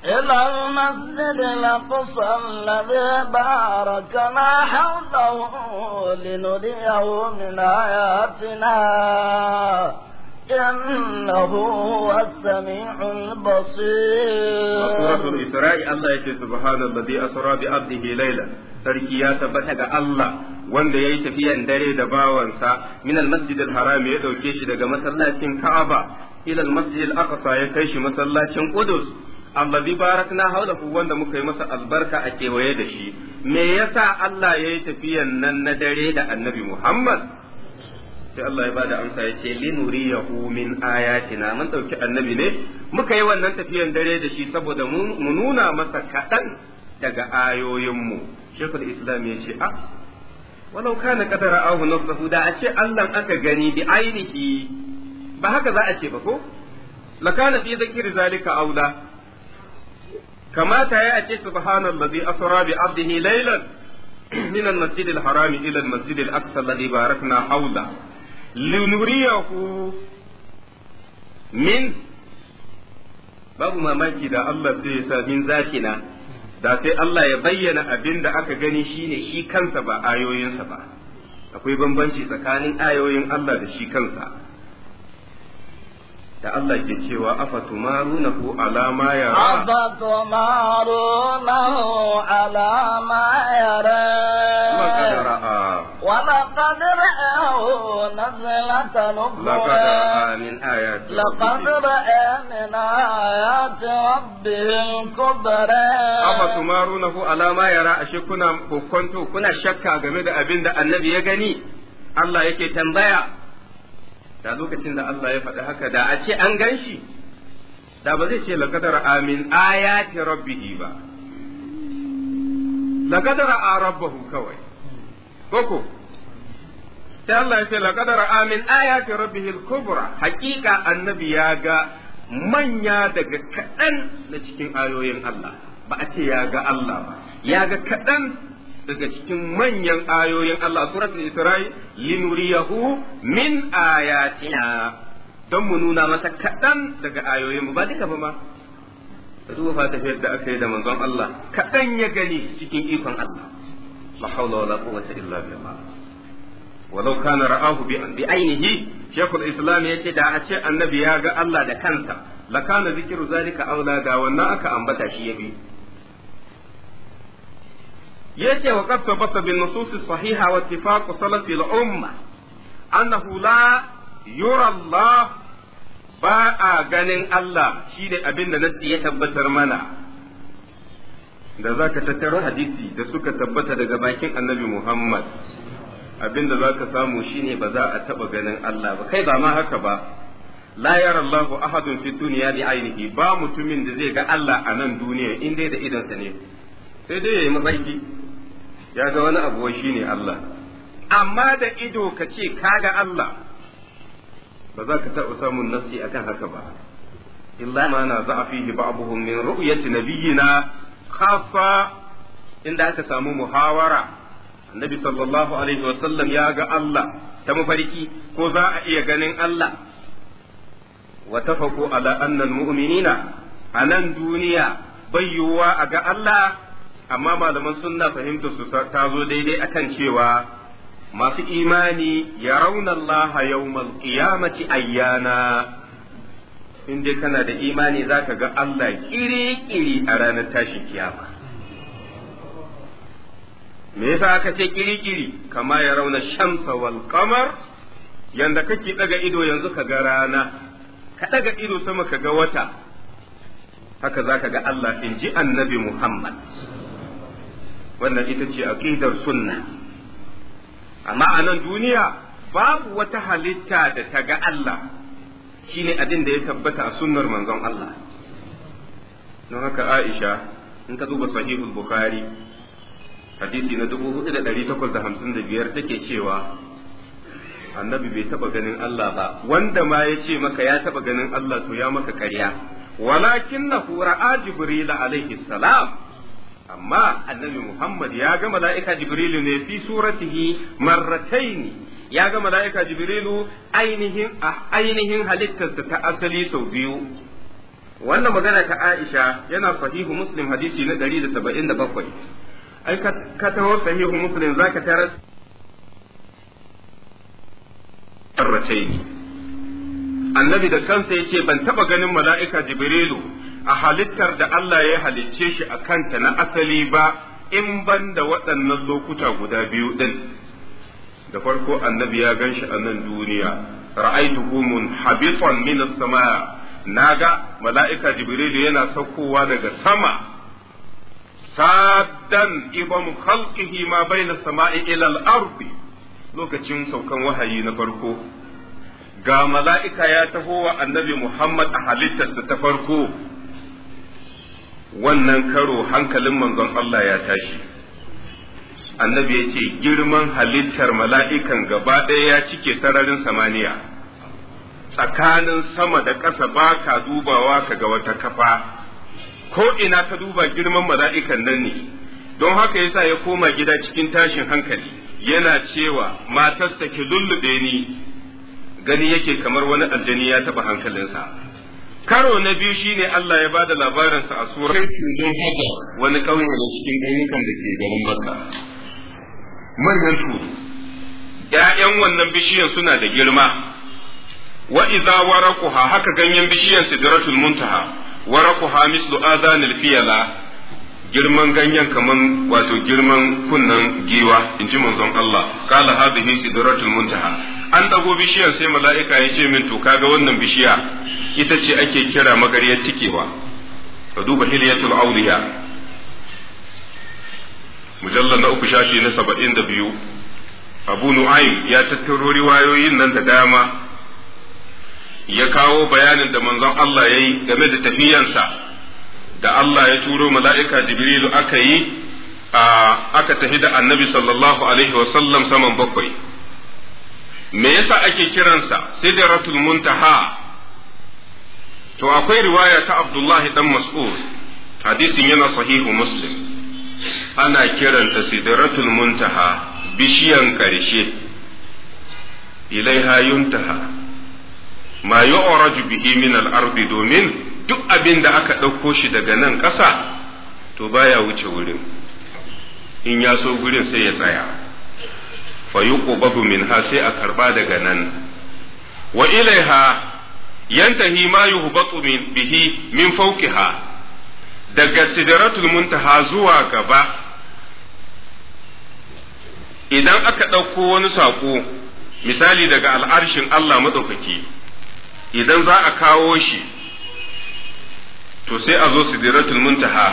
إلى المسجد الأقصى الذي باركنا حوله لنريه من آياتنا إنه هو السميع البصير سورة الإسراء الله يتي سبحان الذي أسرى بعبده ليلا sarki ya tabbata ga Allah wanda ya yi tafiyan dare da bawansa min almasjid haram ya ɗauke shi daga masallacin Ka'aba ila almasjid al ya kai shi masallacin Qudus allazi barakna hawlahu wanda muka yi masa albarka a kewaye da shi me yasa Allah ya yi tafiyan nan na dare da Annabi Muhammad sai Allah ya bada amsa ya ce linuriyahu min ayatina mun dauki annabi ne muka yi wannan tafiyan dare da shi saboda mu nuna masa kaɗan daga ayoyinmu shekul islam ya ce a walau kana qadara ahu nafsuhu da a ce Allah aka gani bi ainihi ba haka za a ce ba ko lakana fi dhikri zalika aula kamata ya a ce subhanallazi asra bi abdihi laylan من المسجد الحرام إلى المسجد الأقصى الذي باركنا حوله linuriyahu min babu mamaki da Allah sai ya sa min zatina da sai Allah ya bayyana abin da aka gani shine shi kansa ba ayoyinsa ba akwai bambanci tsakanin ayoyin Allah da shi kansa da Allah ke cewa afa tumaruna ala alama ya afatu marunahu ala ma yara wa qad ra'a wa laqad ra'ahu nazlatan laqad min ayati laqad ra'a min ayati rabbihil kubra afatu marunahu ala ma yara ashe kuna kokonto kuna shakka game da abin da annabi ya gani Allah yake tambaya da lokacin da Allah ya faɗi haka da a ce an gan shi da ba zai ce laƙadar amin ayati rabbihi ba Lakadar a rabbahu kawai koko sai Allah ya ce laƙadar amin ayati rabbihi kubra hakika annabi ya ga manya daga kaɗan na cikin ayoyin Allah ba a ce ya ga Allah ba ya ga kaɗan daga cikin manyan ayoyin Allah suratul Isra'i linuriyahu min ayatina don mu nuna masa kaɗan daga ayoyin mu ba duka ba ma da duba tafiyar da aka yi da manzon Allah kaɗan ya gani cikin ikon Allah la hawla wala quwwata illa billah walau kana ra'ahu bi ainihi shaykhul islam yace da a ce annabi ya ga Allah da kansa la kana zikru zalika aula ga wannan aka ambata shi yabi yace wa qad tabata bin nusus sahiha wa ittifaq salaf al umma annahu la a ganin Allah shine abin da nasi ya tabbatar mana da tattaro hadisi da suka tabbata daga bakin annabi Muhammad abin da ka samu shine ba za a taba ganin Allah ba kai ba ma haka ba la yara ahadun fi duniya bi ainihi ba mutumin da zai ga Allah a nan duniya in dai da idansa ne sai dai yayi mafarki ya ga wani abu shi ne Allah amma da ido ka ce kaga Allah ba za ka taɓa samun nasi akan haka ba illa ma na za a fihi ba'abuhum min ru'yati nabiyina khafa inda aka samu muhawara annabi sallallahu alaihi wa sallam ya ga Allah ta mafarki ko za a iya ganin Allah wa tafaqu ala anna muminina. a nan duniya bayyuwa a ga Allah amma malaman sunna fahimtar su ta zo daidai akan cewa masu imani ya rauna Allah yawmal qiyamati ayyana in kana da imani zaka ga Allah kiri-kiri a ranar tashin kiyama me yasa aka ce kiri-kiri kama ya rauna shamsa wal kamar? yanda kake daga ido yanzu ka ga rana ka daga ido sama ka ga wata haka zaka ga Allah in ji annabi Muhammad wannan ita ce aqidar sunna amma a nan duniya babu wata halitta da ta ga Allah shine abin da ya tabbata a sunnar manzon Allah don haka Aisha in ka duba sahihul bukhari hadisi na 4855 take cewa annabi bai taba ganin Allah ba wanda ma ya ce maka ya taba ganin Allah to ya maka karya walakinahu ra'a jibril alaihi salam amma annabi Muhammad ya ga mala'ika Jibrilu ne fi suratihi marrataini ya ga mala'ika Jibrilu ainihin ainihin halittarsa ta asali sau biyu wannan magana ta Aisha yana sahihu Muslim hadisi na 177 ai ka taho sahihu Muslim zaka tarar marrataini annabi da kansa yace ban taba ganin mala'ika Jibrilu a halittar da Allah ya halicce shi a kanta na asali ba in ban da waɗannan lokuta guda biyu ɗin da farko annabi ya gan shi a nan duniya ra'aituhu munhabitan min as-samaa ga mala'ika jibrilu yana saukowa daga sama saddan ibam khalqihi ma baina sama'i ila al lokacin saukan wahayi na farko ga mala'ika ya taho wa annabi Muhammad a halittarsa ta farko wannan karo hankalin manzon Allah ya tashi annabi ya ce girman halittar mala'ikan gaba ɗaya ya cike sararin samaniya tsakanin sama da ƙasa ba ka dubawa ka ga wata kafa ko ina ka duba girman mala'ikan nan ne don haka yasa ya koma gida cikin tashin hankali yana cewa matarsa ki lullube ni gani yake kamar wani aljani ya taɓa hankalinsa karo na biyu shine Allah ya bada labarinsa a sura wani ƙauye da cikin ayyukan da ke garin Makka manyan tudu ƴaƴan wannan bishiyan suna da girma wa idza waraquha haka ganyen bishiyan sidratul muntaha waraquha mislu adanil fiyala girman ganyen kaman wato girman kunnan giwa in ji manzon Allah kala hadhihi sidratul muntaha an dago bishiyar sai mala'ika ya ce min to kaga wannan bishiya ita ce ake kira magariyar cikewa ka duba hilyatul awliya Mujalla na uku shashi na saba'in da biyu abu nu'aym ya tattaro riwayoyin nan da dama ya kawo bayanin da manzon Allah ya yi game da tafiyansa da Allah ya turo mala'ika Jibrilu aka yi aka tafi da annabi sallallahu alaihi wasallam saman bakwai. Me yasa ake kiransa Sidratul Muntaha to akwai riwaya ta Abdullahi ɗan Mas'ud hadisin yana sahihu Muslim ana kiranta Sidratul Muntaha bishiyan karshe ilaiha yuntaha ma yu'raju bihi min al domin duk abin da aka ɗauko shi daga nan ƙasa to baya wuce wurin in ya so gurin sai ya tsaya fa min ha sai a karɓa daga nan wa ilaiha yantahi ma yuhbatu min bihi min fawqiha daga sidratul muntaha zuwa gaba idan aka ɗauko wani saƙo misali daga al'arshin Allah maɗaukaki idan za a kawo shi to sai a zo sidratul muntaha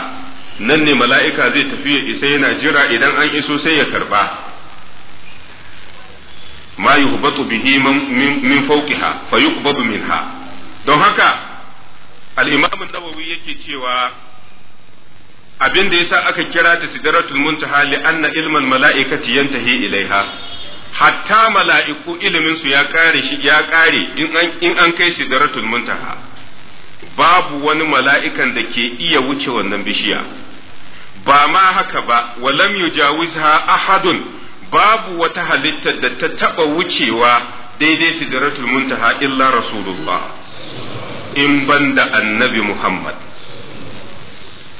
nan ne mala'ika zai tafi ya isa yana jira idan an iso sai ya karba ma yuhbatu bihi min fawqiha fa yuqbadu minha don haka al'imamin imam an-nawawi yake cewa abin da yasa aka kira ta sidratul muntaha li'anna ilman mala'ikati yantahi ilaiha hatta mala'iku ilimin su ya kare shi ya kare in an kai sidratul muntaha babu wani mala'ikan da ke iya wuce wannan bishiya ba ma haka ba walam yujawizha ahadun babu wata halittar da ta taba wucewa daidai sidratul muntaha illa rasulullah in banda annabi muhammad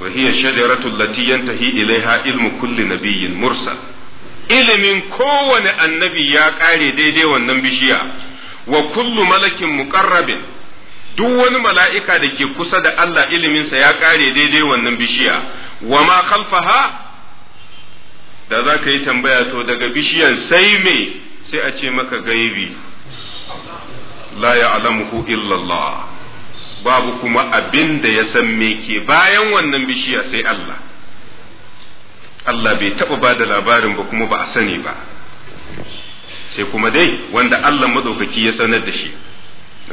wa hiya shajaratul lati yantahi ilaiha ilmu kulli nabiyyin mursal ilimin kowane annabi ya kare daidai wannan bishiya wa kullu malakin muqarrabin duk wani mala'ika da ke kusa da Allah iliminsa ya ƙare daidai wannan bishiya, wa ma kalfaha? da za ka yi tambaya to daga bishiyan sai me sai a ce maka gaibi, la ya'lamuhu illallah babu kuma abin da ya san me ke bayan wannan bishiya sai Allah. Allah bai taɓa ba da labarin ba kuma ba a sani ba, sai kuma dai wanda Allah maɗaukaki ya sanar da shi.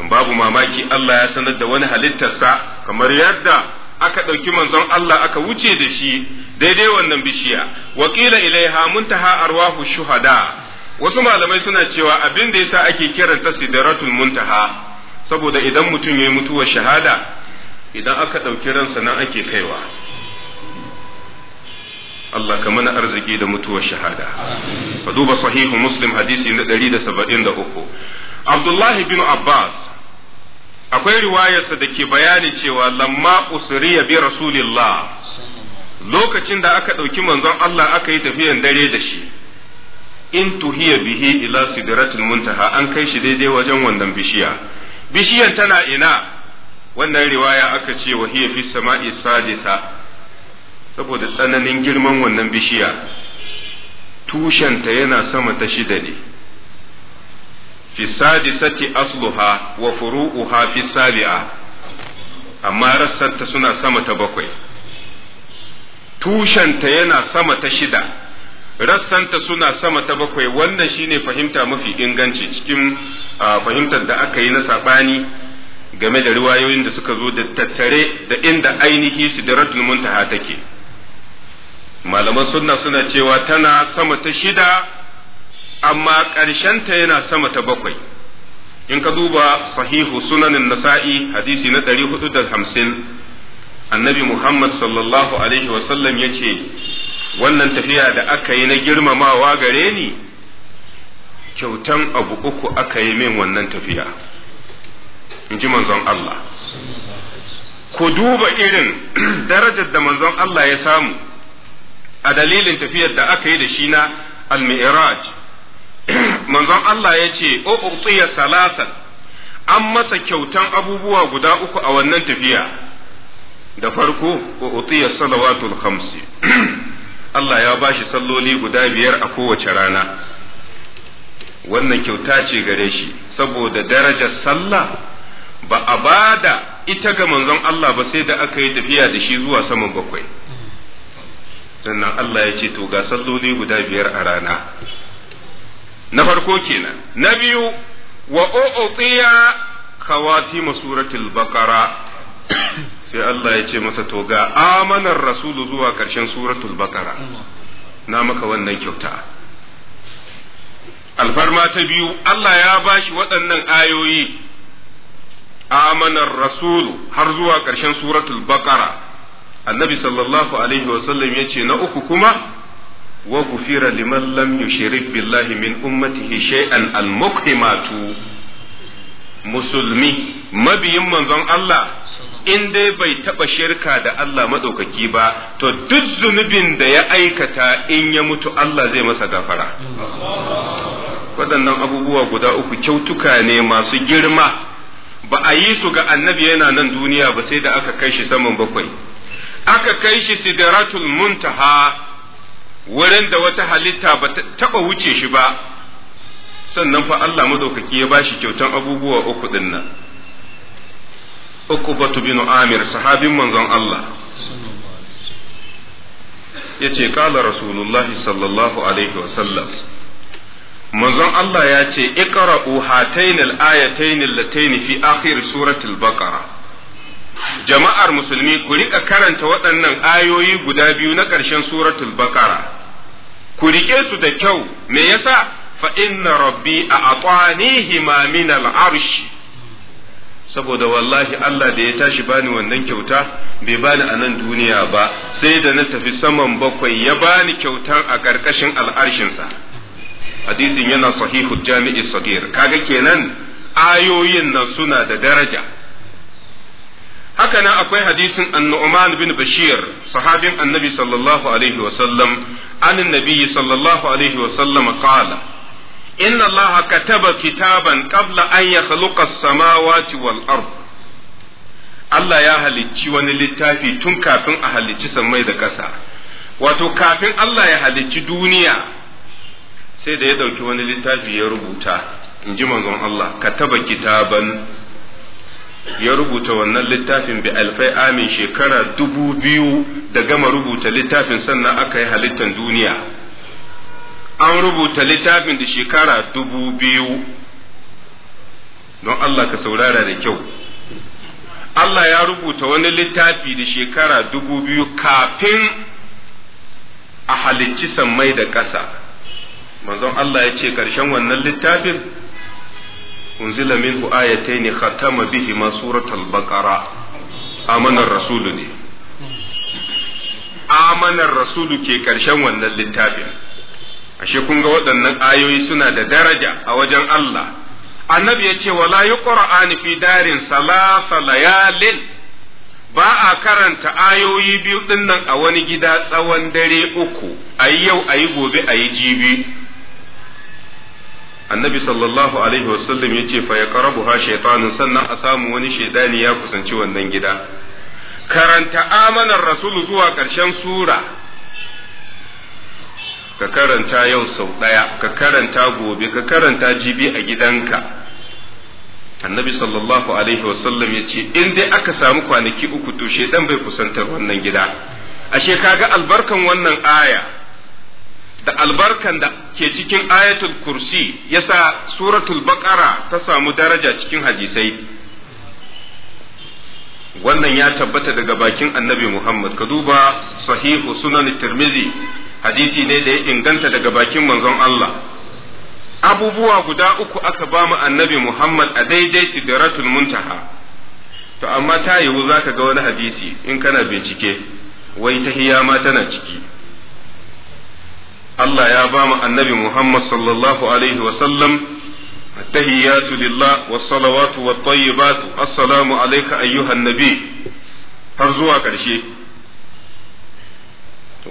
in babu mamaki Allah ya sanar da wani halittarsa kamar yadda aka ɗauki manzon Allah aka wuce da shi daidai wannan bishiya wakila ilaiha muntaha arwahu shuhada wasu malamai suna cewa abin da yasa ake kiranta sidratul muntaha saboda idan mutum ya yi mutuwar shahada idan aka ɗauki ransa nan ake kaiwa Allah ka mana arziki da mutuwar shahada. Fa duba sahihu Muslim hadisi na 173. Abdullahi bin Abbas akwai riwayarsa da ke bayani cewa lamma usriya bi rasulillah lokacin da aka ɗauki manzon Allah aka yi tafiyan dare da shi in tuhiya bihi ila sidratul muntaha an kai shi daidai wajen wannan bishiya bishiyan tana ina wannan riwaya aka ce wa hiya fi sama'i sadisa saboda tsananin girman wannan bishiya tushenta yana sama ta shida ne fi sadisati asluha wa furu'uha fi sabi'a amma rassanta suna sama ta bakwai tushenta yana sama ta shida rassanta suna sama ta bakwai wannan shine fahimta mafi inganci cikin fahimtar da aka yi na saɓani game da riwayoyin da suka zo da tattare da inda ainihi sidratul muntaha take malaman sunna suna cewa tana sama ta shida amma ƙarshenta yana sama ta bakwai in ka duba sahihu sunanin nasa'i hadisi na 450 annabi muhammad sallallahu alaihi wasallam ya ce wannan tafiya da aka yi na girmamawa gare ni kyautan abu uku aka yi min wannan tafiya in ji manzon Allah ku duba irin darajar da manzon Allah ya samu a dalilin tafiyar da aka yi da shi na al-mi'raj manzon Allah ya ce o utiya salasan an masa kyautan abubuwa guda uku a wannan tafiya da farko o utiya salawatul khamsi Allah ya bashi salloli guda biyar a kowace rana wannan kyauta ce gare shi saboda darajar sallah ba a ba da ita ga manzon Allah ba sai da aka yi tafiya da shi zuwa saman bakwai sannan Allah ya ce to ga salloli guda biyar a rana na farko kenan na biyu wa u'tiya khawatimu suratul bakara sai Allah ya ce masa to ga amanar rasulu zuwa ƙarshen suratul bakara na maka wannan kyauta alfarma ta biyu Allah ya bashi waɗannan ayoyi amanar rasulu har zuwa ƙarshen suratul bakara annabi sallallahu alaihi wasallam ya ce na uku kuma wa gufira liman lam yushrik billahi min ummatihi shay'an al musulmi mabiyin manzon Allah in dai bai taba shirka da Allah maɗaukaki ba to duk zunubin da ya aikata in ya mutu Allah zai masa gafara waɗannan abubuwa guda uku kyautuka ne masu girma ba a yi su ga annabi yana nan duniya ba sai da aka kai shi saman bakwai aka kai shi sidiratul muntaha wurin da wata halitta ba taɓa wuce shi ba sannan fa Allah madaukaki ya bashi kyautan abubuwa uku din nan uku bin amir sahabin manzon Allah ya ce kala rasulullahi sallallahu alaihi wasallam manzon Allah ya ce iqra'u hatayn al-ayatayn fi akhir suratul baqara jama'ar musulmi ku rika karanta waɗannan ayoyi guda biyu na ƙarshen suratul bakara ku rike su da kyau me yasa fa inna rabbi a atanihi ma min al'arshi saboda wallahi Allah da ya tashi bani wannan kyauta bai bani a nan duniya ba sai da na tafi saman bakwai ya bani kyautar a ƙarƙashin al'arshinsa hadisin yana sahihu jami'i sagir kaga kenan ayoyin nan suna da daraja haka nan akwai hadisin annu'man bin bashir sahabin annabi sallallahu alaihi wa sallam an nabi sallallahu alaihi wa sallam qala inna allaha kataba kitaban qabla an ya as-samawati wal ard Allah ya halicci wani littafi tun kafin a halicci sammai da ƙasa wato kafin Allah ya halicci duniya sai da ya ɗauki wani littafi ya rubuta in ji manzon Allah taba kitaban ya rubuta wannan littafin bi alfai amin shekara dubu biyu da gama rubuta littafin sannan aka yi halittar duniya an rubuta littafin da shekara dubu biyu don Allah ka saurara da kyau Allah ya rubuta wani littafi da shekara dubu biyu kafin a halicci sammai da ƙasa manzon Allah ya ce ƙarshen wannan littafin unzila minhu ayatayn khatama bihima suratul baqara Amanan rasulu ne amanar rasulu ke karshen wannan littafin ashe kun ga waɗannan ayoyi suna da daraja a wajen Allah annabi ya ce wala yuqra'ani fi darin salasa layalin ba a karanta ayoyi biyu dinnan a wani gida tsawon dare uku ayi yau ayi gobe ayi jibi annabi sallallahu alaihi wasallam ya ce fa ya ha shaitanin sannan a samu wani shaitani ya kusanci wannan gida karanta amanar rasulu zuwa ƙarshen sura ka karanta yau sau ɗaya ka karanta gobe ka karanta jibi a gidanka annabi sallallahu alaihi wasallam ya ce in dai aka samu kwanaki uku to shaitan bai kusantar wannan gida ashe kaga albarkan wannan aya da albarkan da ke cikin ayatul kursi yasa suratul baqara ta samu daraja cikin hadisai wannan ya tabbata daga bakin annabi Muhammad ka duba sahihu sunan tirmizi hadisi ne da ya inganta daga bakin manzon Allah abubuwa guda uku aka ba mu annabi Muhammad a daidai sidratul muntaha to amma ta yiwu zaka ga wani hadisi in kana bincike wai tahiya ma tana ciki Allah ya ba annabi Muhammad sallallahu alaihi wa sallam التهيات لله والصلوات والطيبات السلام عليك أيها النبي فرزوا كرشي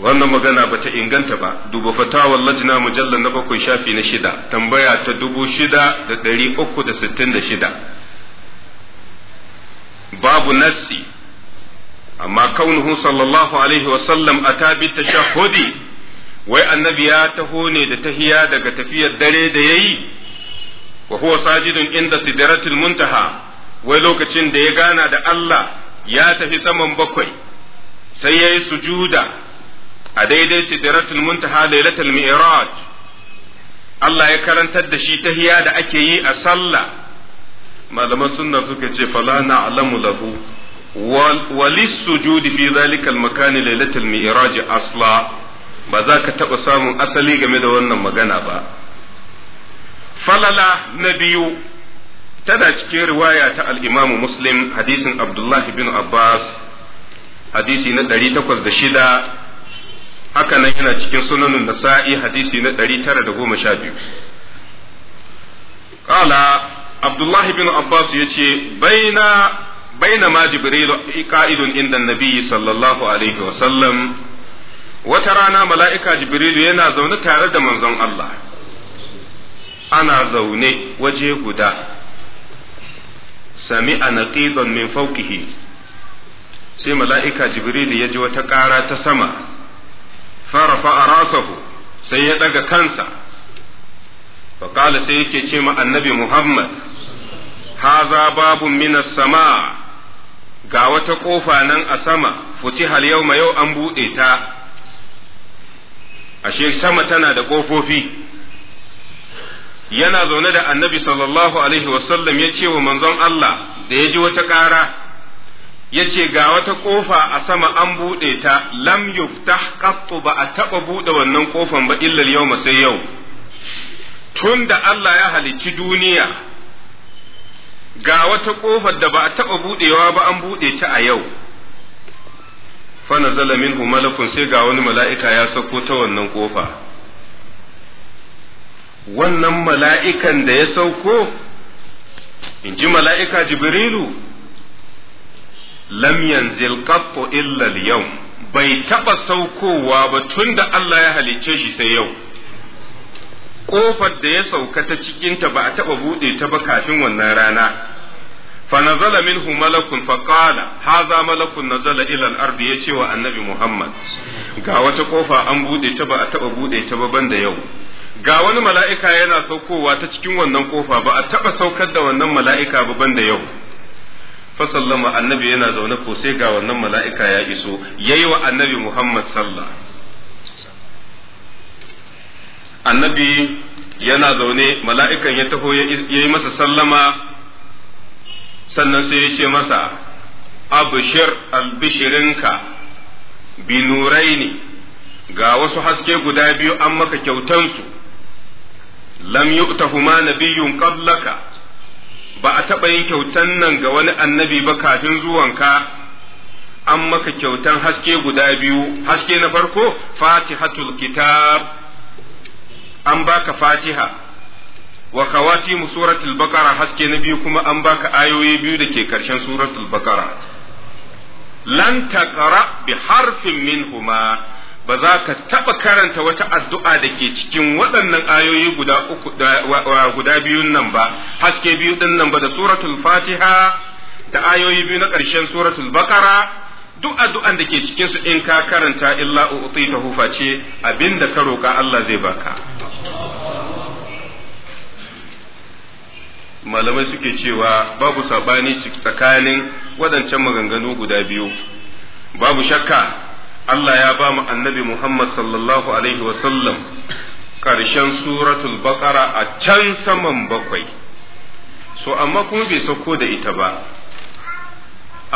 wannan magana bata inganta ba duba fatawar lajina mujallar na bakwai shafi na shida tambaya ta dubu shida da ɗari uku da sittin da shida babu nassi amma kaunuhu sallallahu alaihi wasallam a sha tashahudi wai annabi ya taho ne da tahiya daga tafiyar dare da yayi wa huwa sajidun inda sidratul muntaha wai lokacin da ya gana da Allah ya tafi saman bakwai sai yayi sujuda a daidai sidratul muntaha lailatul mi'raj Allah ya karantar da shi tahiya da ake yi a sallah malaman sunna suka ce fala na'lamu lahu walis sujudi fi zalika al-makan lailatul mi'raj asla ba za ka taɓa samun asali game da wannan magana ba falala na biyu tana cikin riwaya ta al'imamu muslim hadisin abdullahi bin abbas hadisi na ɗari takwas da shida haka nan yana cikin sunanin nasa'i hadisi na ɗari tara da goma sha biyu ƙala abdullahi bin abbas ya ce baina ma jibrilu ka'idun inda nabi sallallahu alaihi wa sallam. wata rana mala'ika jibrilu yana zaune tare da manzon Allah ana zaune waje guda sami a naƙiɗon min fauƙihi sai mala'ika jibrilu ya ji wata ƙara ta sama farafa a rasahu sai ya ɗaga kansa faƙala sai yake ce ma annabi muhammad haza babu minas sama ga wata ƙofa nan a sama fuci hal ma yau an buɗe ta ashe sama tana da ƙofofi yana zaune da annabi sallallahu alaihi wasallam ya ce wa manzon Allah da ya ji wata ƙara ya ce ga wata ƙofa a sama an buɗe ta lam yuftah qattu ba a taɓa buɗe wannan ƙofan ba illal yau sai yau tun da Allah ya halicci duniya ga wata ƙofar da ba a taɓa buɗewa ba an buɗe ta a yau fa nazala minhu malakun sai ga wani mala'ika ya sako ta wannan kofa wannan mala'ikan da ya sauko in mala'ika jibrilu lam yanzil qattu illa al-yawm bai taba saukowa ba tunda Allah ya halicce shi sai yau kofar da ya sauka ta cikinta ba a taba bude ta ba kafin wannan rana فنزل منه ملك فقال هذا ملك نزل الى الارض yace wa annabi Muhammad ga wata kofa an bude ta ba a taba bude ta ba banda yau ga wani mala'ika yana saukowa ta cikin wannan kofa ba a taba saukar da wannan mala'ika ba banda yau fa sallama annabi yana zaune ko sai ga wannan mala'ika ya iso yayi wa annabi Muhammad sallah annabi yana zaune mala'ikan ya taho ya yi masa sallama sannan sai ya ce masa abushir albishirinka binurai ne ga wasu haske guda biyu an maka kyautansu lam yu'tahuma nabiyyun qablaka ba a taɓa yin kyautan nan ga wani annabi ba kafin zuwanka an maka kyautan haske guda biyu haske na farko fatihatul kitab an baka fatiha wa mu suratul bakara haske na biyu kuma an baka ayoyi biyu da ke karshen suratul baqara lan taqra bi harfin minhuma ba za ka taba karanta wata addu'a da ke cikin waɗannan ayoyi guda uku guda biyun nan ba haske biyu din nan ba da suratul fatiha da ayoyi biyu na ƙarshen suratul bakara duk addu'an da ke cikin su in ka karanta illa u'titahu face abinda ka roka Allah zai baka malamai suke cewa babu sabani tsakanin waɗancan maganganu guda biyu babu shakka Allah ya ba mu annabi Muhammad sallallahu alaihi wasallam ƙarshen suratul baqara a can saman bakwai so amma kuma bai sauko da ita ba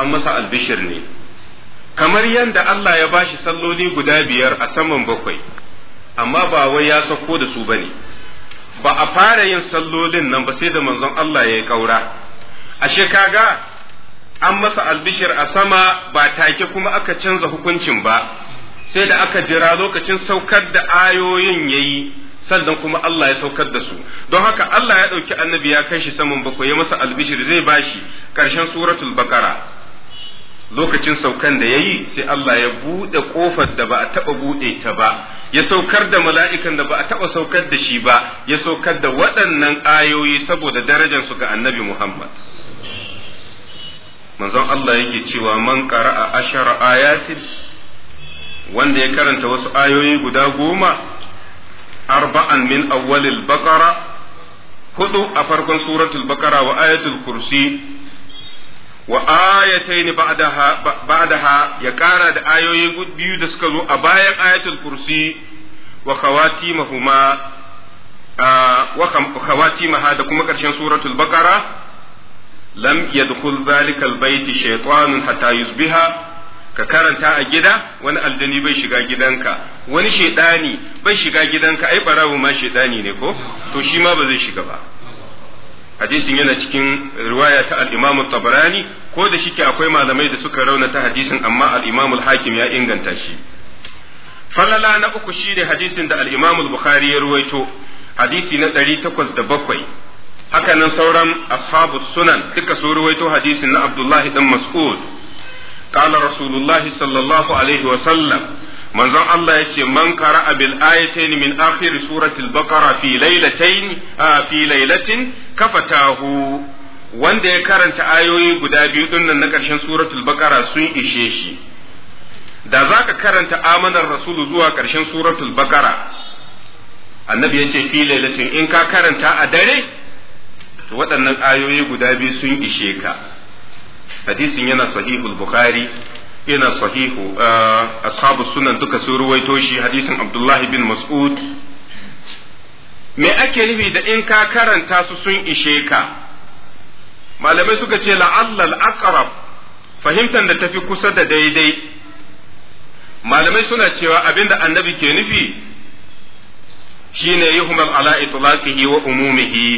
an masa albishir ne kamar yadda Allah ya bashi salloli guda biyar a saman bakwai amma ba wai ya sauko da su bane ne ba a fara yin sallolin nan ba sai da manzon Allah ya yi ƙaura ashe kaga an masa albishir a sama ba take kuma aka canza hukuncin ba sai da aka jira lokacin saukar da ayoyin yayi sannan kuma Allah ya saukar da su don haka Allah ya ɗauki annabi ya kai shi saman bakwai ya masa albishir zai bashi ƙarshen suratul bakara lokacin saukan da ya yi sai Allah ya buɗe ƙofar da ba a taɓa buɗe ta ba ya saukar da mala'ikan da ba a taɓa saukar da shi ba ya saukar da waɗannan ayoyi saboda darajarsu ga annabi Muhammad manzon Allah yake cewa man ƙara'a ashara ayatin wanda ya karanta wasu ayoyi guda goma arba'an min awwalil baqara hudu a farkon suratul baqara wa ayatul kursi wa ayatayn ba'daha ba'daha ya kara da ayoyi biyu da suka zo a bayan ayatul kursi wa khawatimahuma wa da kuma ƙarshen suratul baqara lam yadkhul zalika albayt shaytanun hatta yusbiha ka karanta a gida wani aljani bai shiga gidanka wani shaidani bai shiga gidanka ai barawo ma shaidani ne ko to shi ma ba zai shiga ba hadisin yana cikin riwaya ta al-Imam tabarani ko da shike akwai malamai da suka raunata hadisin amma al-Imam hakim ya inganta shi falala na uku shine hadisin da al-Imam bukhari ya ruwaito hadisi na 807 haka nan sauran ashabu sunan duka su ruwaito hadisin na Abdullahi dan Mas'ud قال Rasulullahi sallallahu alaihi wa sallam. manzon Allah ya ce man qara'a bil ayatayn min akhir surati al-baqara fi laylatayn fi laylatin kafatahu wanda ya karanta ayoyi guda biyu dinnan na karshen suratul baqara sun ishe shi da zaka karanta amanar rasulu zuwa karshen suratul baqara annabi yace fi laylatin in ka karanta a dare to waɗannan ayoyi guda biyu sun ishe ka hadisin yana sahihul bukhari yana sahihu uh, ashabu sunan duka sun ruwaito shi hadisin abdullahi bin mas'ud me ake nufi da in ka karanta su sun ishe ka malamai suka ce la'allal aqrab fahimtar da tafi kusa da daidai malamai suna cewa abinda annabi ke nufi shine yuhmal ala itlaqihi wa umumihi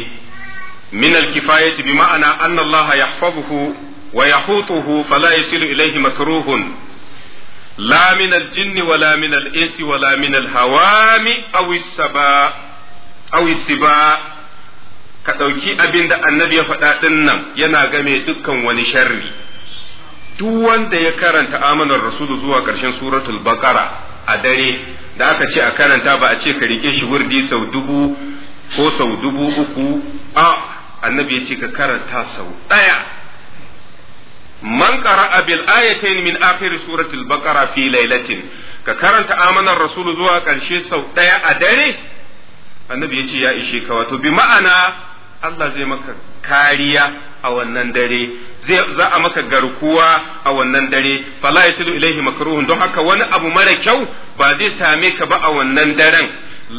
min al-kifayati bi ma'ana anna Allah yahfazuhu wa yahutuhu fala yasilu ilayhi makruhun la min al-jinn wa la min al-insi wa la min al-hawami aw as ka ɗauki abinda annabi ya faɗa din nan yana game dukkan wani sharri duk wanda ya karanta amanan rasulu zuwa ƙarshen suratul baqara a dare da aka ce a karanta ba a ce ka rike shi wurdi sau dubu ko sau dubu uku a annabi ya ce ka karanta sau ɗaya man qara'a bil ayatayn min akhir surati al-baqara fi lailatin ka karanta amanar rasul zuwa karshe sau ɗaya a dare annabi yace ya ishe ka wato bi ma'ana Allah zai maka kariya a wannan dare za a maka garkuwa a wannan dare fala yasilu ilaihi makruhun don haka wani abu mara kyau ba zai same ka ba a wannan daren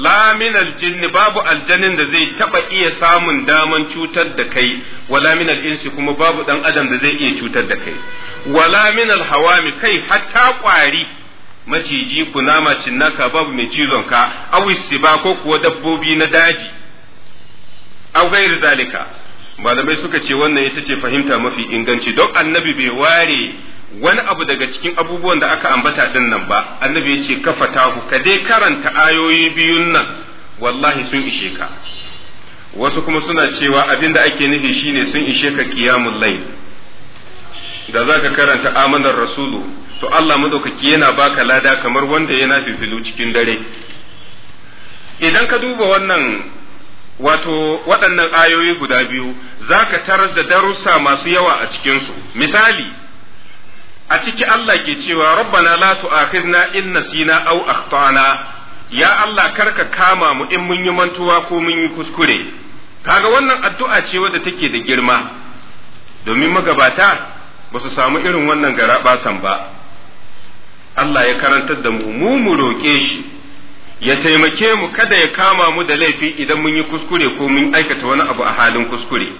la min aljinni babu aljanin da zai taba iya samun daman cutar da kai wala min insi kuma babu dan adam da zai iya cutar da kai wala min alhawami kai hatta kwari maciji kunama cinnaka babu mai cizon ka awisi ba ko kuwa dabbobi na daji aw gairu zalika malamai suka ce wannan ita ce fahimta mafi inganci don annabi bai ware wani abu daga cikin abubuwan da aka ambata din nan ba annabi ya ce kafa kafatahu ka dai karanta ayoyi biyun nan wallahi sun ishe ka wasu kuma suna cewa abinda ake nufi shine sun ishe ka qiyamul layl da za ka karanta amanar rasulu to Allah madaukaki yana baka lada kamar wanda yana fifilu cikin dare idan ka duba wannan wato waɗannan ayoyi guda biyu za ka tarar da darussa masu yawa a cikinsu misali a ciki Allah ke cewa rabbana la tu'akhizna in nasina aw akhtana ya Allah karka kama mu in mun yi mantuwa ko mun yi kuskure kaga wannan addu'a ce wadda take da girma domin magabata ba su samu irin wannan gara san ba Allah ya karantar da mu mu mu roƙe shi ya taimake mu kada ya kama mu da laifi idan mun yi kuskure ko mun aikata wani abu a halin kuskure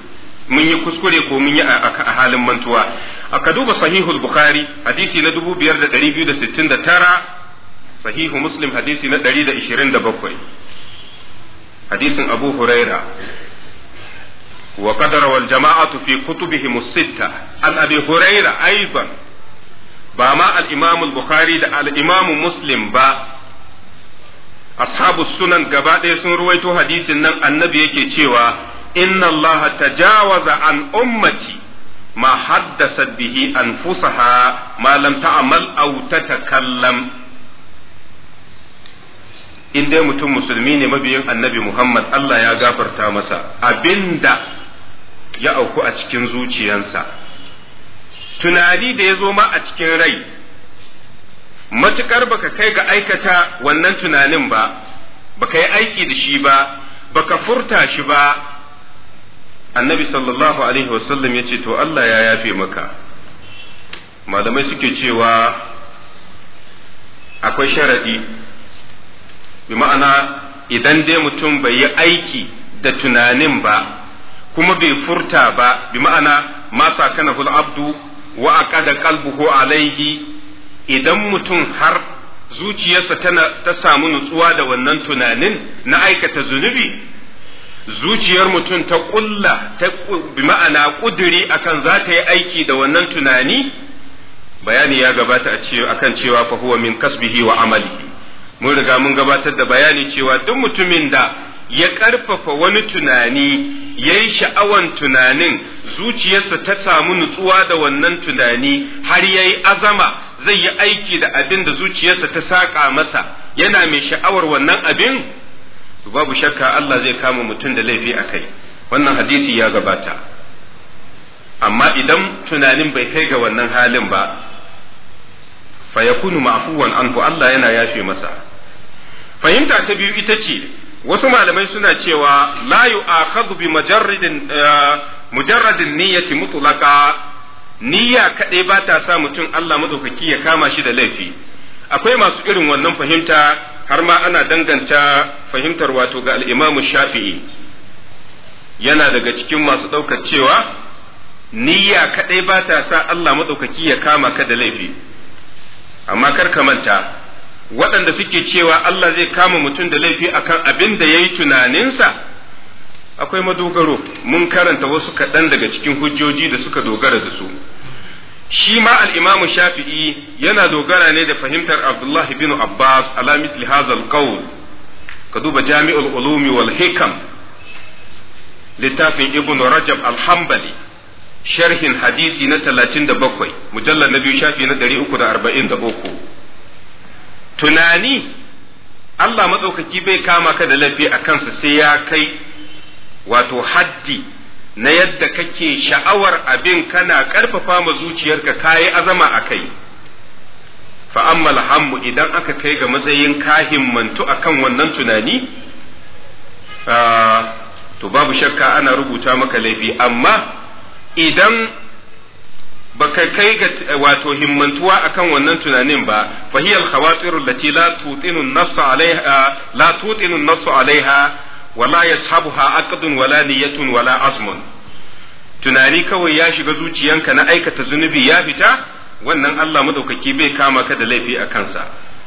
mun yi kuskure ko mun yi a halin mantuwa aka duba sahihul bukhari hadisi na 2269 sahihu muslim hadisi na 127 hadisin abu huraira وقد روى الجماعة في كتبهم الستة عن أبي هريرة أيضا بما الإمام البخاري دا الإمام مسلم با أصحاب السنن قبائل سن رويتو حديث النبي يكي inna allaha tajawaza an ummati ma haddasa bihi anfusaha ma lam ta'mal aw tatakallam in dai mutum musulmi ne mabiyin annabi Muhammad Allah ya gafarta masa abinda ya auku a cikin zuciyansa tunani da ya zo ma a cikin rai matukar baka kai ga aikata wannan tunanin ba baka yi aiki da shi ba baka furta shi ba annabi sallallahu alaihi wasallam ya ce to Allah ya yafe maka malamai suke cewa akwai sharaɗi bi ma'ana idan dai mutum bai yi aiki da tunanin ba kuma bai furta ba bi ma'ana masa kana abdu wa aqada qalbuhu alaihi idan mutum har zuciyarsa ta samu nutsuwa da wannan tunanin na aikata zunubi zuciyar mutum ta kulla ta bi ma'ana kuduri akan za ta yi aiki da wannan tunani bayani ya gabata a cewa akan cewa fa huwa min kasbihi wa amali mun riga mun gabatar da bayani cewa duk mutumin da ya karfafa wani tunani ya yi sha'awan tunanin zuciyarsa ta samu nutsuwa da wannan tunani har ya yi azama zai yi aiki da abin da zuciyarsa ta saƙa masa yana mai sha'awar wannan abin to babu shakka Allah zai kama mutum da laifi a kai wannan hadisi ya gabata amma idan tunanin bai kai ga wannan halin ba fa kunu ma'fuwan anhu Allah yana yafe masa fahimta ta biyu ita ce wasu malamai suna cewa la yu'akhadhu bi majarridin eh, mujarradin niyyati mutlaqa niyya kadai ba ta sa mutum Allah madaukaki ya kama shi da laifi akwai masu irin wannan fahimta har ma ana danganta fahimtar wato ga al'imamu shafi'i yana daga cikin masu ɗaukar cewa niyya kaɗai ba ta sa Allah maɗaukaki ya kama ka da laifi amma kar ka manta waɗanda suke cewa Allah zai kama mutum da laifi akan abin da ya yi tunaninsa akwai madogaro mun karanta wasu kaɗan daga cikin hujjoji da suka dogara da su shi ma al'imamin Shafi'i yana dogara ne da fahimtar Abdullah bin Abbas ala misli hadha qawl ka duba Jami'ul Ulumi wal Hikam littafin Ibn Rajab alhambali sharhin hadisi na bakwai mujallar na biyu shafi na 343 tunani Allah matsaukaki bai kama ka da laifi a kansa sai ya kai wato haddi na yadda kake sha'awar abin kana ƙarfafa ma zuciyarka kayi azama a kai fa'ammal hammu idan aka kai ga matsayin kahin mantu akan wannan tunani to babu shakka ana rubuta maka laifi amma idan baka kai ga wato himmantuwa akan wannan tunanin ba fa hiya khawatir la tutinu la tutinu alaiha wala ha aqdun wala niyyatun wala azmun tunani kawai ya shiga zuciyanka na aikata zunubi ya fita wannan Allah madaukaki bai kama ka da laifi a kansa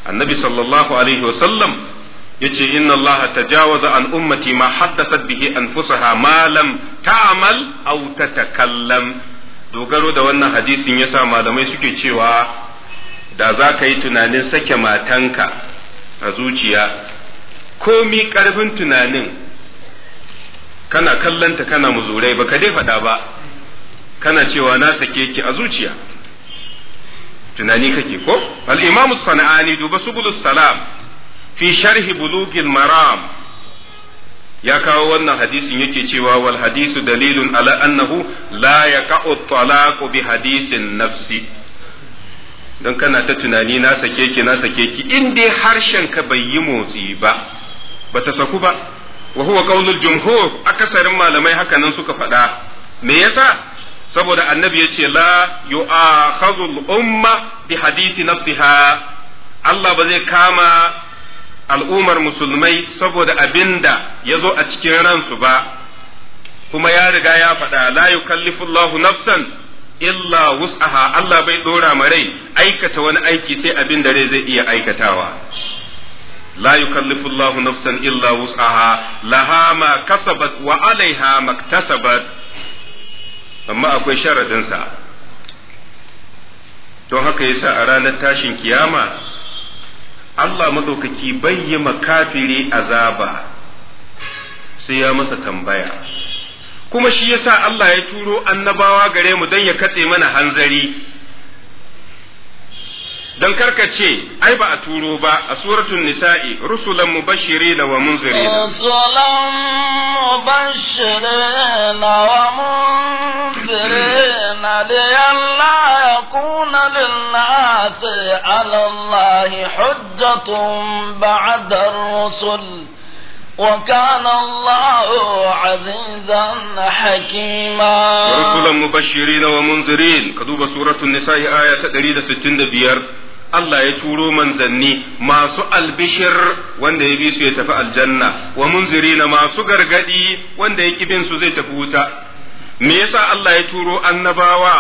annabi sallallahu alaihi wasallam yace inna Allah tajawaza an ummati ma haddathat bihi anfusaha ma lam ta'mal aw tatakallam dogaro da wannan hadisin yasa malamai suke cewa da za ka yi tunanin sake matanka a zuciya komi karfin tunanin kana kallanta kana muzurai ba ka dai faɗa ba kana cewa na sake ki a zuciya tunani kake ko al-imam sana'ani duba subulus salam fi sharhi bulugil maram ya kawo wannan hadisin yake cewa wal hadisu dalilun ala annahu la yaqa'u talaqu bi hadisin nafsi don kana ta tunani na sake ki na sake ki in dai harshen ka bai yi motsi ba bata saku ba wa huwa qaulul jumhur akasarin malamai hakanan suka faɗa me yasa saboda annabi yace la yu'akhadhul umma bi hadisi nafsiha Allah ba zai kama al'ummar musulmai saboda abinda ya zo a cikin ransu ba kuma ya riga ya faɗa la yukallifullahu nafsan illa wus'aha Allah bai dora ma rai aikata wani aiki sai abin da rai zai iya aikatawa la yukallifu Allahu nafsan illa wus'aha laha kasabat wa 'alaiha maktasabat amma akwai sharadin sa don haka yasa a ranar tashin kiyama Allah madaukaki bai yi makafiri azaba sai ya masa tambaya kuma shi yasa Allah ya turo annabawa gare mu don ya katse mana hanzari dan karkace ai ba a turo ba a suratul nisa'i rusulan mubashirin wa munzirin rusulan mubashirin wa munzirina li alla yakuna lin-nasi 'ala Allahi hujjatun ba'da rusul وكان الله عزيزا حكيما ورسلا مبشرين ومنذرين كذوب سورة النساء آية تريد ستين بيار الله يتورو من ذني ما سوء البشر وان ده يبيسو يتفع الجنة ومنذرين ما سوء غرغدي وان ده يكبين سوزي تفوتا ميسا الله يتورو النباوة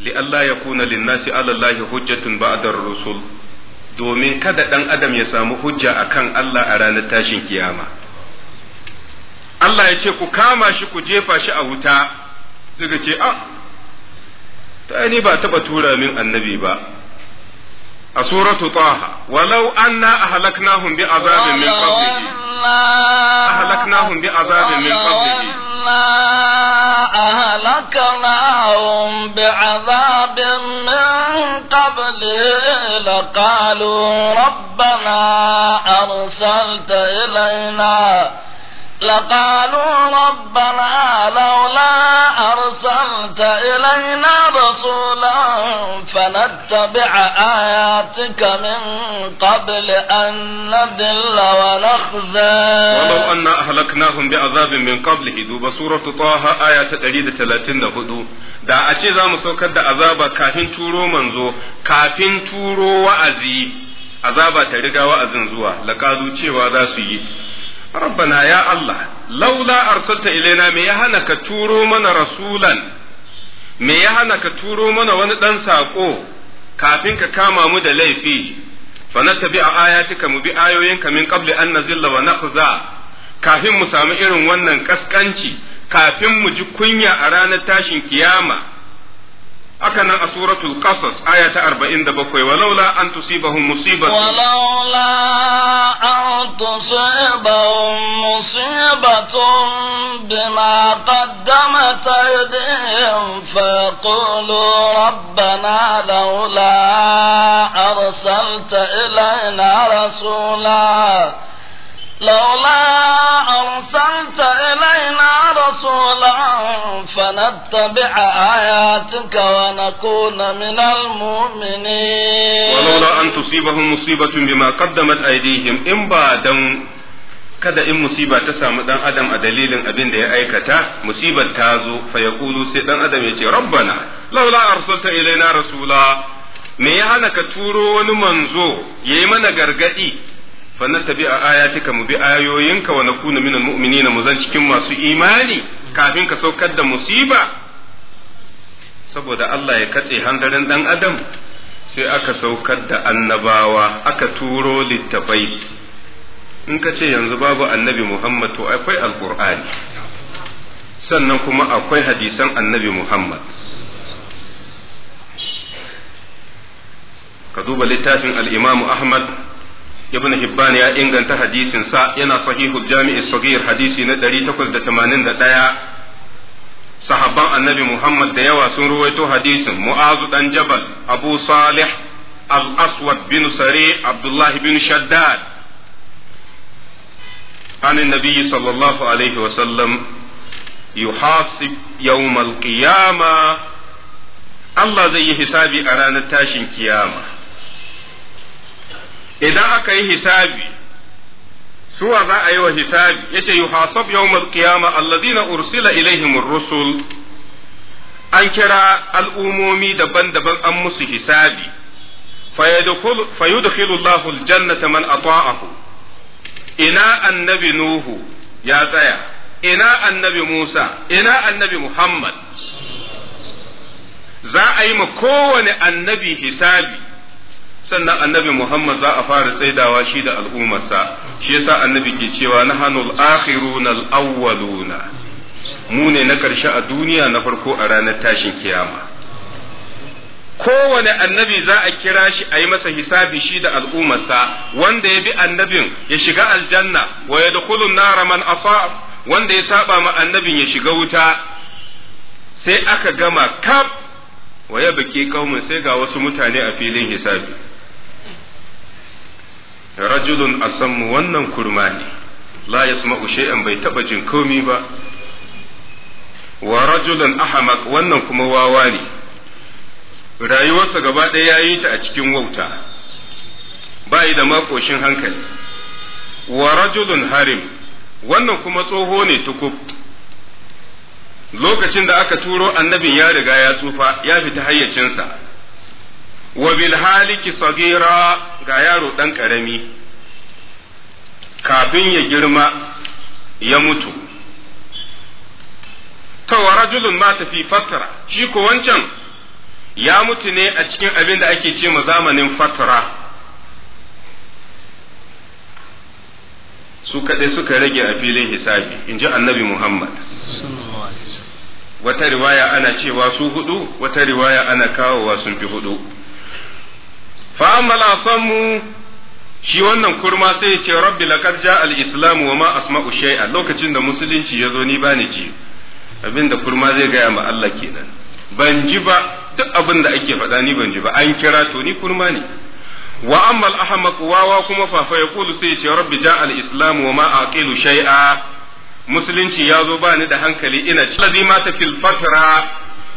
لألا يكون للناس على الله حجة بعد الرسول domin kada ɗan adam ya samu hujja akan Allah a ranar tashin kiyama Allah ya ce ku kama shi ku jefa shi a wuta suka ce a ah, ta ni ba taɓa tura min annabi ba سورة طه ولو أنا أهلكناهم بعذاب من قبله أهلكناهم بعذاب من قبله أهلكناهم بعذاب من قبله لقالوا ربنا أرسلت إلينا لقالوا ربنا لولا أرسلت إلينا رسولا فنتبع آياتك من قبل أن نذل ونخزى ولو أن أهلكناهم بعذاب من قبله دوب سورة طه آية تريد ثلاثين هدو دا a ce za mu كافين تورو منزو كافين تورو وأزي kafin تريد wa'azi لقالوا ta وذا سيئ rabbana ya Allah laula arsalta ilaina me ya hana ka turo mana rasulan me ya hana ka turo mana wani dan sako kafin ka kama mu da laifi fa a ayatika mu bi ayoyinka min qabli an nazilla wa nakhza kafin mu samu irin wannan kaskanci kafin mu ji kunya a ranar tashin kiyama أكن أسورة القصص آية أربعين دبقوي ولولا أن تصيبهم مصيبة ولولا أن تصيبهم مصيبة بما قدمت أيديهم فيقولوا ربنا لولا أرسلت إلينا رسولا لولا أرسلت إلينا رسولا فنتبع آياتك ونكون من المؤمنين ولولا أن تصيبهم مصيبة بما قدمت أيديهم إن بعد kada in musiba ta samu dan adam a dalilin abin da ya aikata musibar ta zo fa yaqulu sai dan adam ya ce rabbana laula arsalta ilaina rasula me ya hana ka turo wani manzo yayi mana gargadi fa na tabi a ayatika mu bi ayoyinka wa nakuna minal mu'minina mu zan cikin masu imani kafin ka saukar da musiba saboda Allah ya katse hanzarin dan adam sai aka saukar da annabawa aka turo littafai in ka ce yanzu babu annabi Muhammad to akwai alkur'ani sannan kuma akwai hadisan annabi Muhammad ka duba littafin al'imamu Ahmad ibn hibban ya inganta hadisin sa yana sahihul jami'i saghir hadisi na 881 sahabban annabi Muhammad da yawa sun ruwaito hadisin Mu'azu dan Jabal, Abu Salih, Al-Aswad bin Sare, Abdullah bin Shaddad. عن النبي صلى الله عليه وسلم يحاسب يوم القيامة الله زي حسابي أرانا تاشن قيامة idan aka yi hisabi suwa za a yi wa hisabi yace yuhasab yawmal qiyama alladhina ursila ilaihim rusul an kira al'umomi daban-daban an musu hisabi fayudkhilu Allahu aljannata man ata'ahu ina annabi nuhu ya tsaya ina annabi Musa ina annabi Muhammad za a yi ma kowane annabi hisabi sannan annabi Muhammad za a fara tsaidawa shi da al'ummarsa shi yasa annabi ke cewa na akhiruna al-awwaluna mu ne na karshe a duniya na farko a ranar tashin kiyama kowane annabi za a kira shi a yi masa hisabi shi da al'ummarsa wanda ya bi annabin ya shiga aljanna wa yadkhulun nara man asaf wanda ya saba ma annabin ya shiga wuta sai aka gama kaf wa ya baki kaumin sai ga wasu mutane a filin hisabi rajulun asammu wannan kurma ne la yasma'u shay'an bai taba jin komi ba wa rajulun ahmaq wannan kuma wawa ne rayuwarsa gaba ɗaya yayi ta a cikin wauta bai da makoshin hankali wa rajulun harim wannan kuma tsoho ne tukub lokacin da aka turo annabin ya riga ya tsufa ya fita hayyacinsa wa bil haliki sagira ga yaro dan karami kafin ya girma ya mutu to wa rajulun mata fi fatara shi ko wancan ya mutu ne a cikin abin da ake ce ma zamanin fatara su kaɗai suka rage a filin hisabi in ji annabi muhammad wata riwaya ana cewa su hudu wata riwaya ana kawowa sun fi hudu fa ammal shi wannan kurma sai ya ce rabbi laqad ja'a al islam wa ma asma'u shay'a lokacin da musulunci ya zo ni bani ji abinda kurma zai gaya ma Allah kenan ban ji ba duk abin da ake faɗa ni ban ji ba an kira to ni kurma ne wa al ahmaq wawa kuma fa fa yaqulu sai ya ce rabbi ja'a al islam wa ma aqilu shay'a musulunci ya zo bani da hankali ina ci lazi mata fil fatra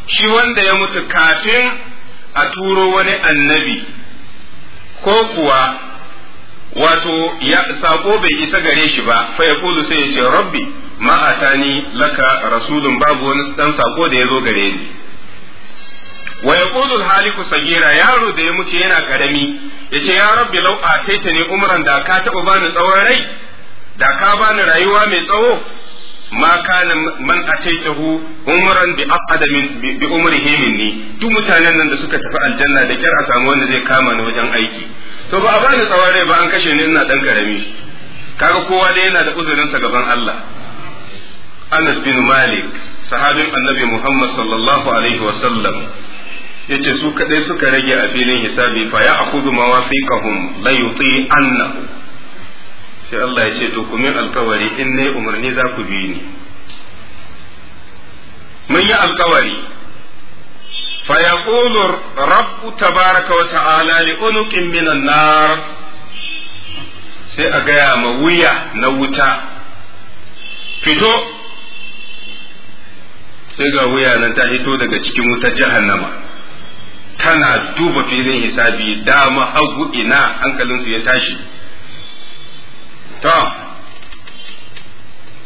shi wanda ya mutu kafin a turo wani annabi ko kuwa wato ya sako bai isa gare shi ba fa kulu sai ya ce rabbi ma atani laka rasulun babu wani dan sako da ya zo gare ni wa kulu haliku sagira yaro da ya muke yana karami ya ce ya rabbi taita ne umran da ka taba bani tsawon rai da ka bani rayuwa mai tsawo ma kana man ataitahu umran bi aqada min bi umrihi minni duk mutanen nan da suka tafi aljanna da kyar a samu wanda zai kama ni wajen aiki to ba a bani tsaware ba an kashe ni ina dan karami kaga kowa da yana da uzurin sa gaban Allah Anas bin Malik sahabin Annabi Muhammad sallallahu alaihi wa sallam yace su kadai suka rage a filin hisabi fa ya akhudhu mawafiqahum la yuti annahu sai Allah ya ce to ku min alkawari in ne umarni za ku bi ni mun yi alkawari fa yaqulu rabbu tabaraka wa ta'ala li unuqin minan nar sai a gaya ma wuya na wuta fito sai ga wuya nan ta hito daga cikin wuta jahannama tana duba filin hisabi dama hagu ina hankalinsu ya tashi ta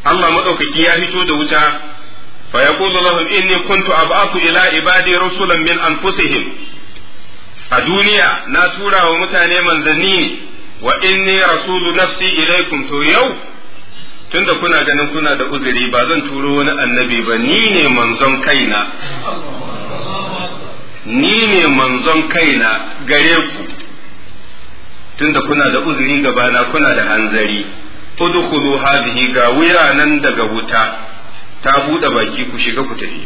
Allah madaukaki ya fito da wuta fa ku lahum inni kuntu ab'aku ila ibadi rasulan min anfusihim a duniya na tura wa mutane manzanni wa inni rasulu nafsi ilaikum to yau tunda kuna ganin kuna da uzuri ba zan turo wani annabi ba ni ne manzon kaina ni ne manzon kaina gare ku tunda kuna da uzuri gabana kuna da hanzari udkhulu hazihi ga wuya nan daga wuta ta bude baki ku shiga ku tafi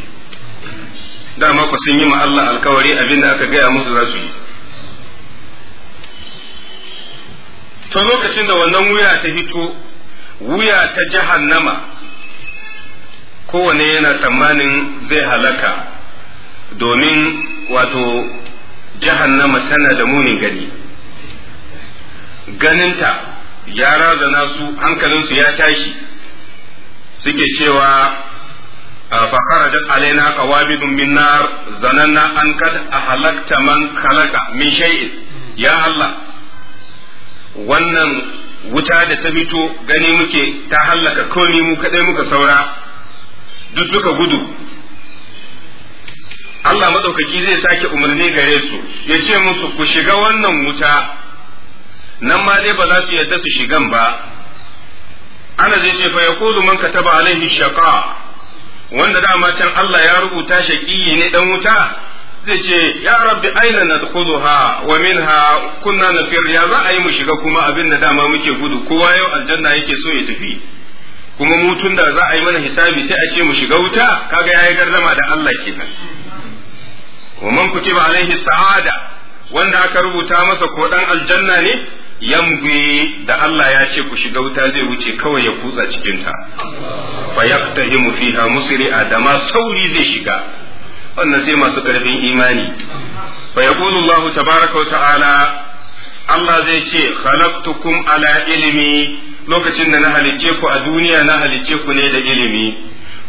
dama ku sun yi ma Allah alkawari abinda aka gaya musu za su yi to lokacin da wannan wuya ta fito wuya ta jahannama kowane yana tsammanin zai halaka domin wato jahannama tana da munin gani ganinta ya razana su hankalinsu ya tashi suke cewa fa kharajat alaina qawabidun min nar zananna an kad ahlakta man khalaqa min shay'in ya Allah wannan wuta da ta fito gani muke ta hallaka komai mu kadai muka saura duk suka gudu Allah madaukaki zai sake umarni gare su ya ce musu ku shiga wannan wuta nan ma dai ba za su yarda su shigan ba ana zai ce fa yaqulu man kataba alaihi shaqa wanda dama can Allah ya rubuta shaqiyi ne dan wuta zai ce ya rabbi aina nadkhuluha wa minha kunna nafir ya za a yi mu shiga kuma abin da dama muke gudu kowa yau aljanna yake so ya tafi kuma mu tun da za a yi mana hisabi sai a ce mu shiga wuta kaga yayi gardama da Allah kenan wa man kutiba alaihi sa'ada wanda aka rubuta masa ko dan aljanna ne yambi da Allah ya ce ku shiga wuta zai wuce kawai ya kutsa cikinta fa yaftahimu fiha musri Adama sauri zai shiga wannan sai masu karfin imani fa yaqulu Allah tabaaraka wa ta'ala Allah zai ce khalaqtukum ala ilmi lokacin da na halicce ku a duniya na halicce ku ne da ilimi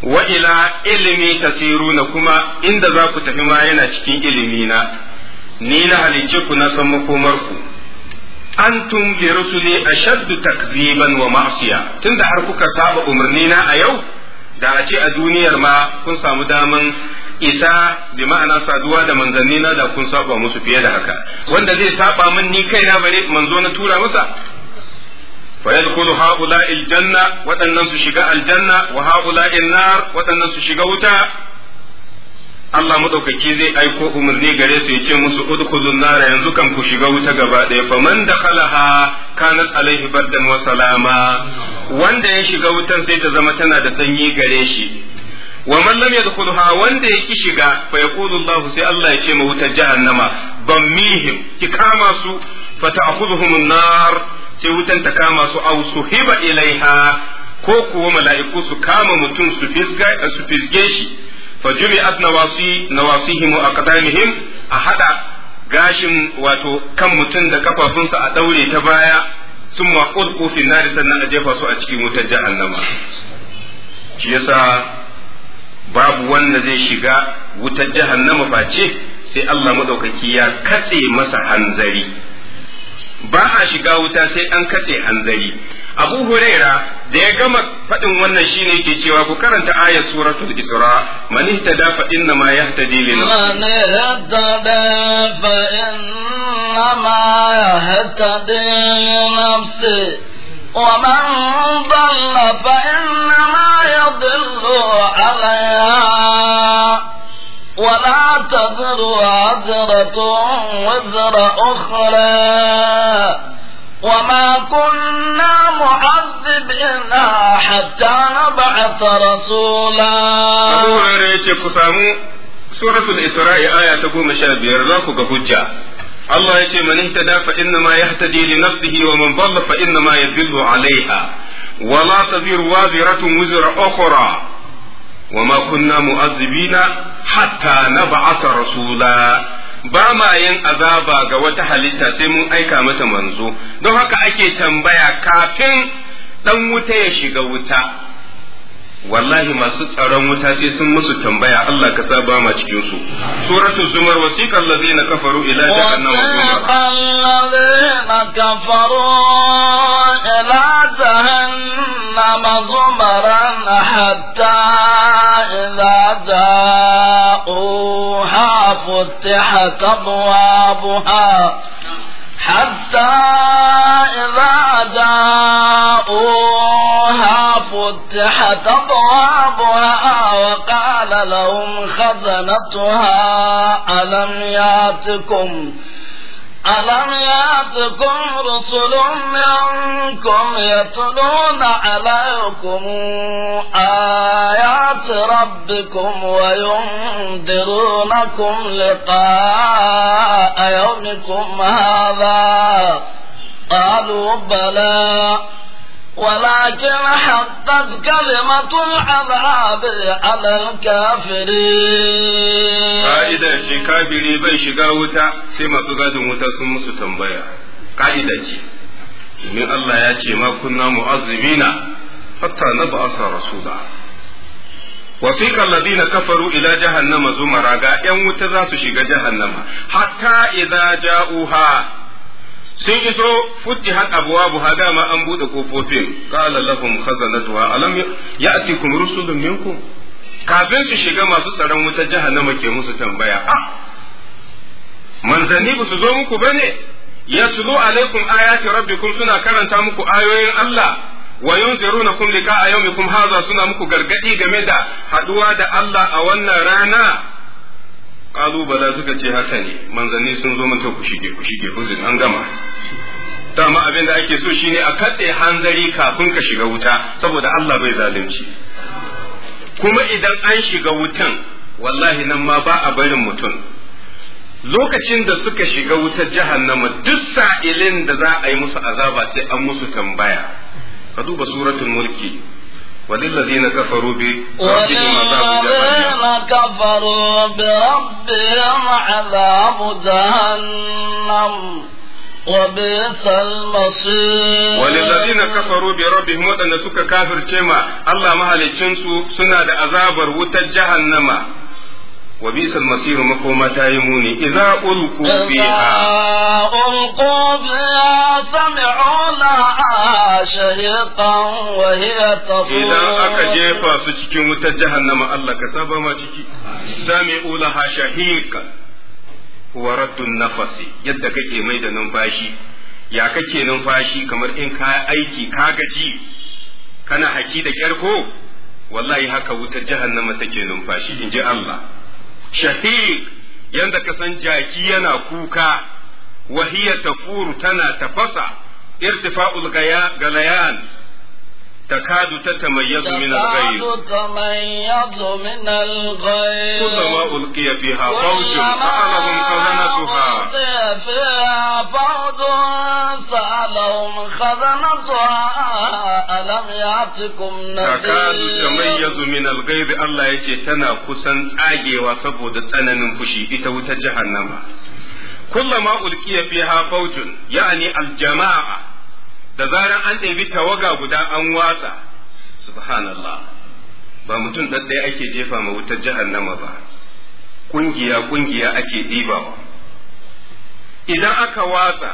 wa ila ilmi tasiruna kuma inda za ku tafi ma yana cikin ilimi na ni na halicce ku na san makomar ku antum li rusuli ashaddu takziban wa ma'siya tunda har kuka saba umarni na a yau da a ce a duniyar ma kun samu daman isa bi ma'ana saduwa da manzanni na da kun saba musu fiye da haka wanda zai saba min ni kaina bare manzo na tura masa fa yadkhulu haula'i aljanna waɗannan su shiga aljanna wa haula'i nar waɗannan su shiga wuta Allah madaukaki zai aiko umarni gare su ya ce musu udkhulun nara yanzu kan ku shiga wuta gaba ɗaya fa man dakhalaha kanat alaihi bardan wa salama wanda ya shiga wutan sai ta zama tana da sanyi gare shi wa man lam yadkhulha wanda ya ki shiga fa yaqulu Allah sai Allah ya ce ma wutar jahannama mihim ki kama su fa ta'khudhuhum an-nar sai wutan ta kama su aw suhiba ilaiha ko kuwa mala'iku su kama mutum su fisge shi fa jumi'at nawasi nawasihim wa aqdamihim a haɗa gashin wato kan mutum da kafafunsa a daure ta baya sun maƙul kofin nari sannan a jefa su a cikin wutar jahannama shi yasa babu wanda zai shiga wutar jahannama face sai Allah madaukaki ya katse masa hanzari ba a shiga wuta sai an katse hanzari abu huraira da ya gama faɗin wannan shine yake cewa ku karanta ayat suratul isra man ihtada fa inna ma yahtadi li nafsihi man ihtada fa inna ma yahtadi li nafsihi ومن ضل فإنما يضل عليها ولا تذر عذرة وزر أخرى وما كنا معذبين حتى نبعث رسولا أبو هريرة كسامو سورة الإسراء آية تقوم شابير ذاك كهجة الله يتي من اهتدى فإنما يهتدي لنفسه ومن ضل فإنما يضل عليها ولا تزير وازرة وزر أخرى وما كنا مؤذبين حتى نبعث رسولا ba ma yin azaba ga wata halitta sai mun aika mata manzo don haka ake tambaya kafin dan wuta ya shiga wuta wallahi masu tsaron wuta sai sun musu tambaya Allah ka saba ma cikin su suratul zumar wasiqal ladzina kafaru ila jahannam wasiqal kafaru ila jahannam hatta idza ja'uha futihat abwabuha حتى إذا جاءوها فتحت أبوابها وقال لهم خزنتها ألم ياتكم ألم يأتكم رسل منكم يتلون عليكم آيات ربكم وينذرونكم لقاء يومكم هذا قالوا بلى ولكن حقت كلمة العذاب على الكافرين قائدة شي كافري بي شقا وتا سيما تقاد موتا سمس تنبيا قائدة شي من الله ياتي ما كنا معذبين حتى نبعث رسولا وسيق الذين كفروا إلى جهنم زمرا قائم وتذاس شقا جهنم حتى إذا جاءوها sun iso futihat abwabuha dama an bude kofofin qala lahum wa alam ya'tikum rusulun minkum kafin su shiga masu tsaron wutar jahannama ke musu tambaya a ah, manzanni ba su zo muku bane yatlu alaikum ayati rabbikum suna karanta muku ayoyin Allah wa yunzirunakum liqa'a yawmikum hadha suna muku gargadi game da haduwa da Allah a wannan rana qalu bala suka ce haka ne manzanni sun zo mutum ku shige ku shige huzin an gama dama abin da ake so shine a katse hanzari kafin ka shiga wuta saboda Allah bai zalunci kuma idan an shiga wutan wallahi nan ma ba a barin mutum lokacin da suka shiga wutar jahannama duk sa'ilin da za a yi musu azaba sai an musu tambaya ka duba suratul mulki وللذين كفروا بربهم وللذين كفروا بربهم عذاب جهنم وبئس المصير وللذين كفروا بربهم ودن سكا كافر كما الله ما تشنسو سنا عذاب وتجهنم wa bisal masiru makoma ta yi muni idza ulqu fiha ulqu biha sami'u laha shahiqan wa hiya tafur idan aka jefa su cikin wutar jahannama Allah ka saba ma ciki sami'u laha shahiqan wa raddun nafasi yadda kake mai da numfashi ya kake numfashi kamar in ka aiki ka gaji kana haki da kyarko wallahi haka wutar jahannama take numfashi in Allah shahiq yanda ka san jaki yana kuka wahiya tafuru tana tafasa irtifa'ul galayan تكاد تتميز من الغيظ تتميز من الغيظ كلما ألقي فيها فوج سألهم خزنتها فوج سألهم خزنتها ألم يأتكم نذير تكاد تميز من الغيب الله يجي تنا كسن آجي وصبود تنن فشي إتوت جهنم كلما ألقي فيها فوج يعني الجماعة da zaran an ɗebi tawaga guda an watsa subhanallah ba mutum ɗaya ake jefa ma wutar jahannama ba ƙungiya ƙungiya ake ɗibawa idan aka watsa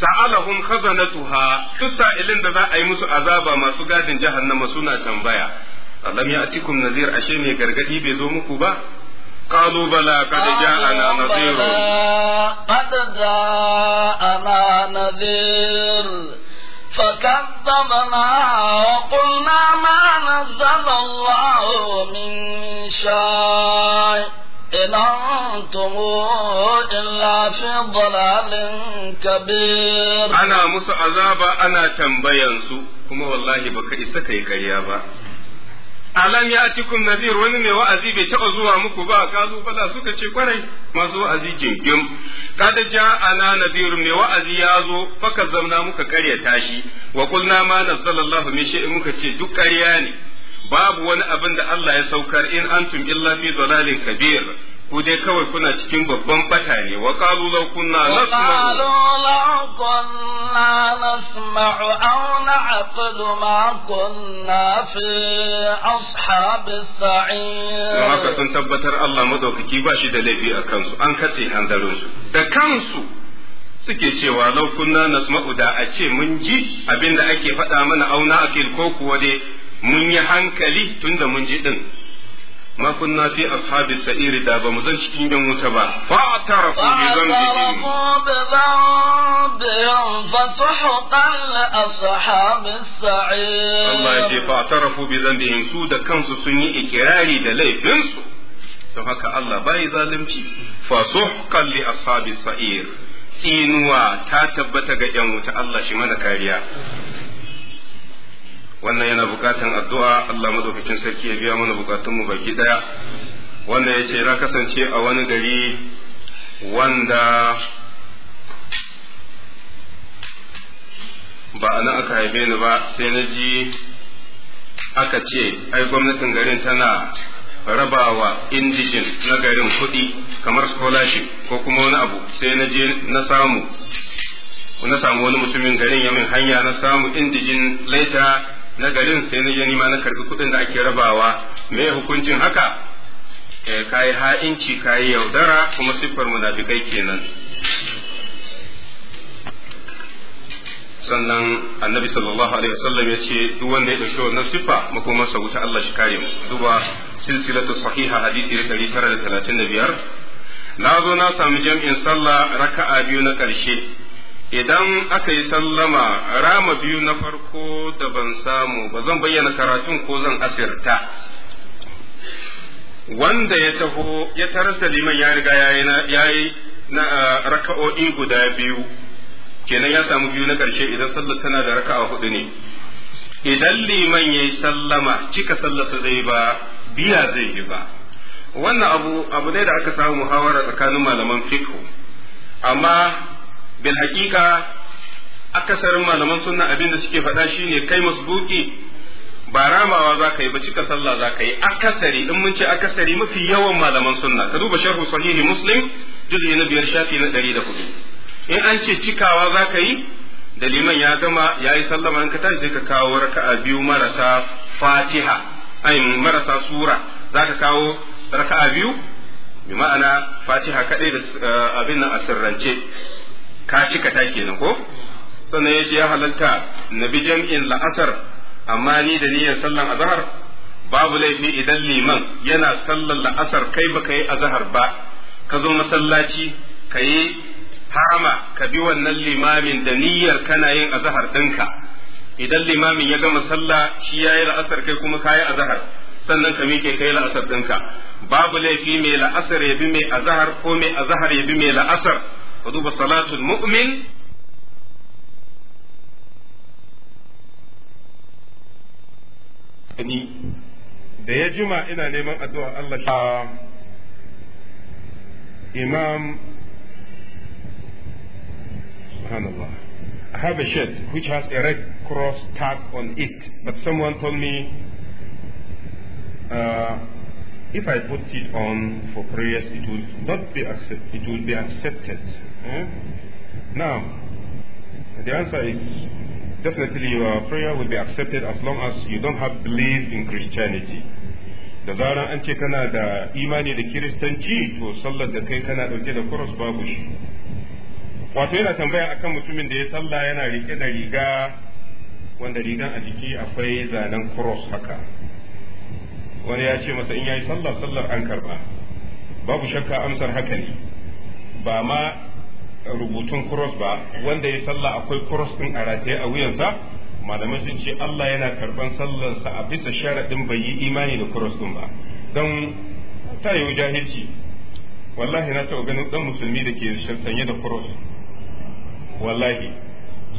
sa'alahum khazanatuha duk sa'ilin da za a yi musu azaba masu gadin jahannama suna tambaya alam ya'tikum nazir ashe mai gargadi bai zo muku ba قالوا بلى قد جاءنا نذير قد جاءنا نذير فكذبنا وقلنا ما نزل الله من شيء إن أنتم إلا في ضلال كبير أنا مسعذاب أنا تنبيا كما والله بك إسكي كريابا alam ya cikin nazir wani mai wa'azi bai taɓa zuwa muku ba kazu fala suka ce kwarai masu wa'azi jingim kada ja ana nadirun mai wa'azi ya zo faka zauna muka karya tashi wa kulna ma nazzalallahu min shay'in muka ce duk karya ne babu wani abin da Allah ya saukar in antum illa fi dalalin kabir ku dai kawai kuna cikin babban fata ne wa qalu law kunna nasma'u kunna nasma'u aw na'qulu ma kunna fi ashabis sa'ir haka sun tabbatar Allah madaukaki ba shi da laifi a kansu an katse hanzarin su da kansu suke cewa law kunna nasma'u da a ce mun ji abinda ake faɗa mana auna akil ko kuwa dai mun yi hankali tunda mun ji din ما كنا في أصحاب السئير دابا مزلش كنجم وتبا فاعترفوا بذنبهم بذنبهم فسحقا لأصحاب السعير الله يجي فاعترفوا بذنبهم سودا كنز سني إكراري دلي بنسو don الله باي bai zalunci لأصحاب li إنوا تاتبتك inuwa ta tabbata كاريا wannan yana bukatan addu'a Allah madaukakin sarki ya biya mana bukatunmu baki ɗaya. wannan ya ce na kasance a wani gari wanda ba a nan aka haife ni ba sai na ji aka ce ai gwamnatin garin tana rabawa indijin na garin kuɗi kamar scholarship ko kuma wani abu sai na je na samu na samu wani mutumin garin ya min hanya na samu indijin laita na garin sai na je nima na karbi kuɗin da ake rabawa me hukuncin haka eh, kai ha'inci kai yaudara kuma siffar munafikai kenan sannan annabi sallallahu alaihi wasallam ya ce duk wanda ya dauki wannan siffa makomarsa wuta Allah shi kare duba silsilatu sahiha hadisi da 935 na zo na sami jam'in sallah raka'a biyu na karshe idan aka yi sallama rama biyu na farko da ban samu ba zan bayyana karatun ko zan asirta wanda ya taho ya tarasa liman ya riga ya yi na raka'o'i guda biyu kenan ya samu biyu na ƙarshe idan sallar tana da raka'a hudu ne idan liman ya yi sallama cika sallarsa zai ba biya zai yi ba wannan abu abu ne da aka samu muhawara tsakanin malaman fiqh amma bil hakika akasarin malaman sunna abin da suke faɗa shine kai masu masbuki ba ramawa za ka yi ba cika sallah za ka yi akasari in mun ce akasari mafi yawan malaman sunna ka duba sharhu sahihi muslim juz'i na biyar shafi na ɗari da hudu in an ce cikawa za ka yi da ya gama ya yi sallama in ka tashi sai ka kawo raka'a biyu marasa fatiha ai marasa sura za ka kawo raka'a biyu bi ma'ana fatiha kaɗai da eh, abin nan a sirrance ka cika ta kenan ko sannan ya ya halalta na bi jam'in la'asar amma ni da niyyar sallan azhar babu laifi idan liman yana sallan la'asar kai baka yi azhar ba ka zo masallaci ka yi hama ka bi wannan limamin da niyyar kana yin azhar ɗinka idan limamin ya gama sallah shi yayi la'asar kai kuma ka yi azhar sannan ka miƙe kai la'asar ɗinka babu laifi mai la'asar ya bi mai azhar ko mai azhar ya bi mai la'asar فدوب صلاة المؤمن ni da ya jima ina neman addu'a Allah shi imam subhanallah I have a shirt which has a red cross tag on it but someone told me uh, if I put it on for prayers it will not be accepted it will be accepted Eh? Now, the answer is definitely your prayer will be accepted as long as you don't have belief in Christianity. Da zaran an ce kana da imani da Kiristanci to sallar da kai kana dauke da kuros babu shi. Wato yana tambaya akan mutumin da ya salla yana rike da riga wanda rigan a jiki akwai zanen kuros haka. Wani ya ce masa in yayi sallar sallar an karba. Babu shakka amsar haka ne. Ba ma rubutun cross ba wanda ya sallah akwai cross din a rataye a wuyansa malamai sun ce Allah yana karban sallarsa a bisa sharaɗin bai yi imani da cross din ba don ta yi jahilci wallahi na taɓa ganin ɗan musulmi da ke sanye da cross wallahi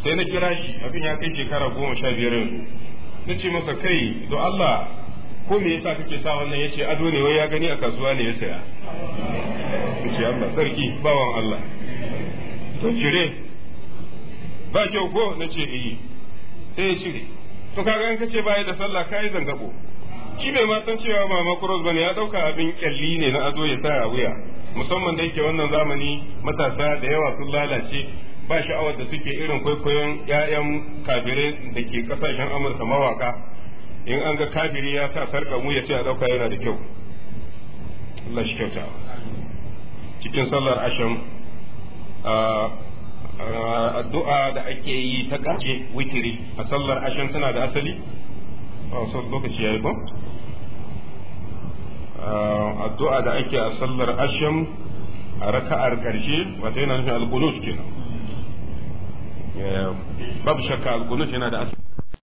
sai na kira shi abin ya kai shekara goma sha biyar yanzu na ce masa kai don Allah ko me yasa kake sa wannan yace ado ne wai ya gani a kasuwa ne ya saya ce Allah sarki bawan Allah to cire ba kyau ko na ce iyi eh. sai ya cire to kaga in kace baya da sallah kai zangabo shi bai ma san cewa mama kuros bane ya dauka abin kyalli ne na azo ya sa a wuya musamman da yake wannan zamani matasa da yawa sun lalace ba sha'awar da suke irin kwaikwayon 'ya'yan kabirai da ke kasashen amurka mawaka in an ga kabiri ya sa sarƙa mu ya ce a ɗauka yana da kyau Allah shi kyauta cikin sallar ashan addu'a da ake yi ta kace witiri a sallar ashen tana da asali a lokaci yi ba addu'a da ake a sallar ashen a raka'ar karshe wata yana nufin alkunus kenan babu shakka alkunus yana da asali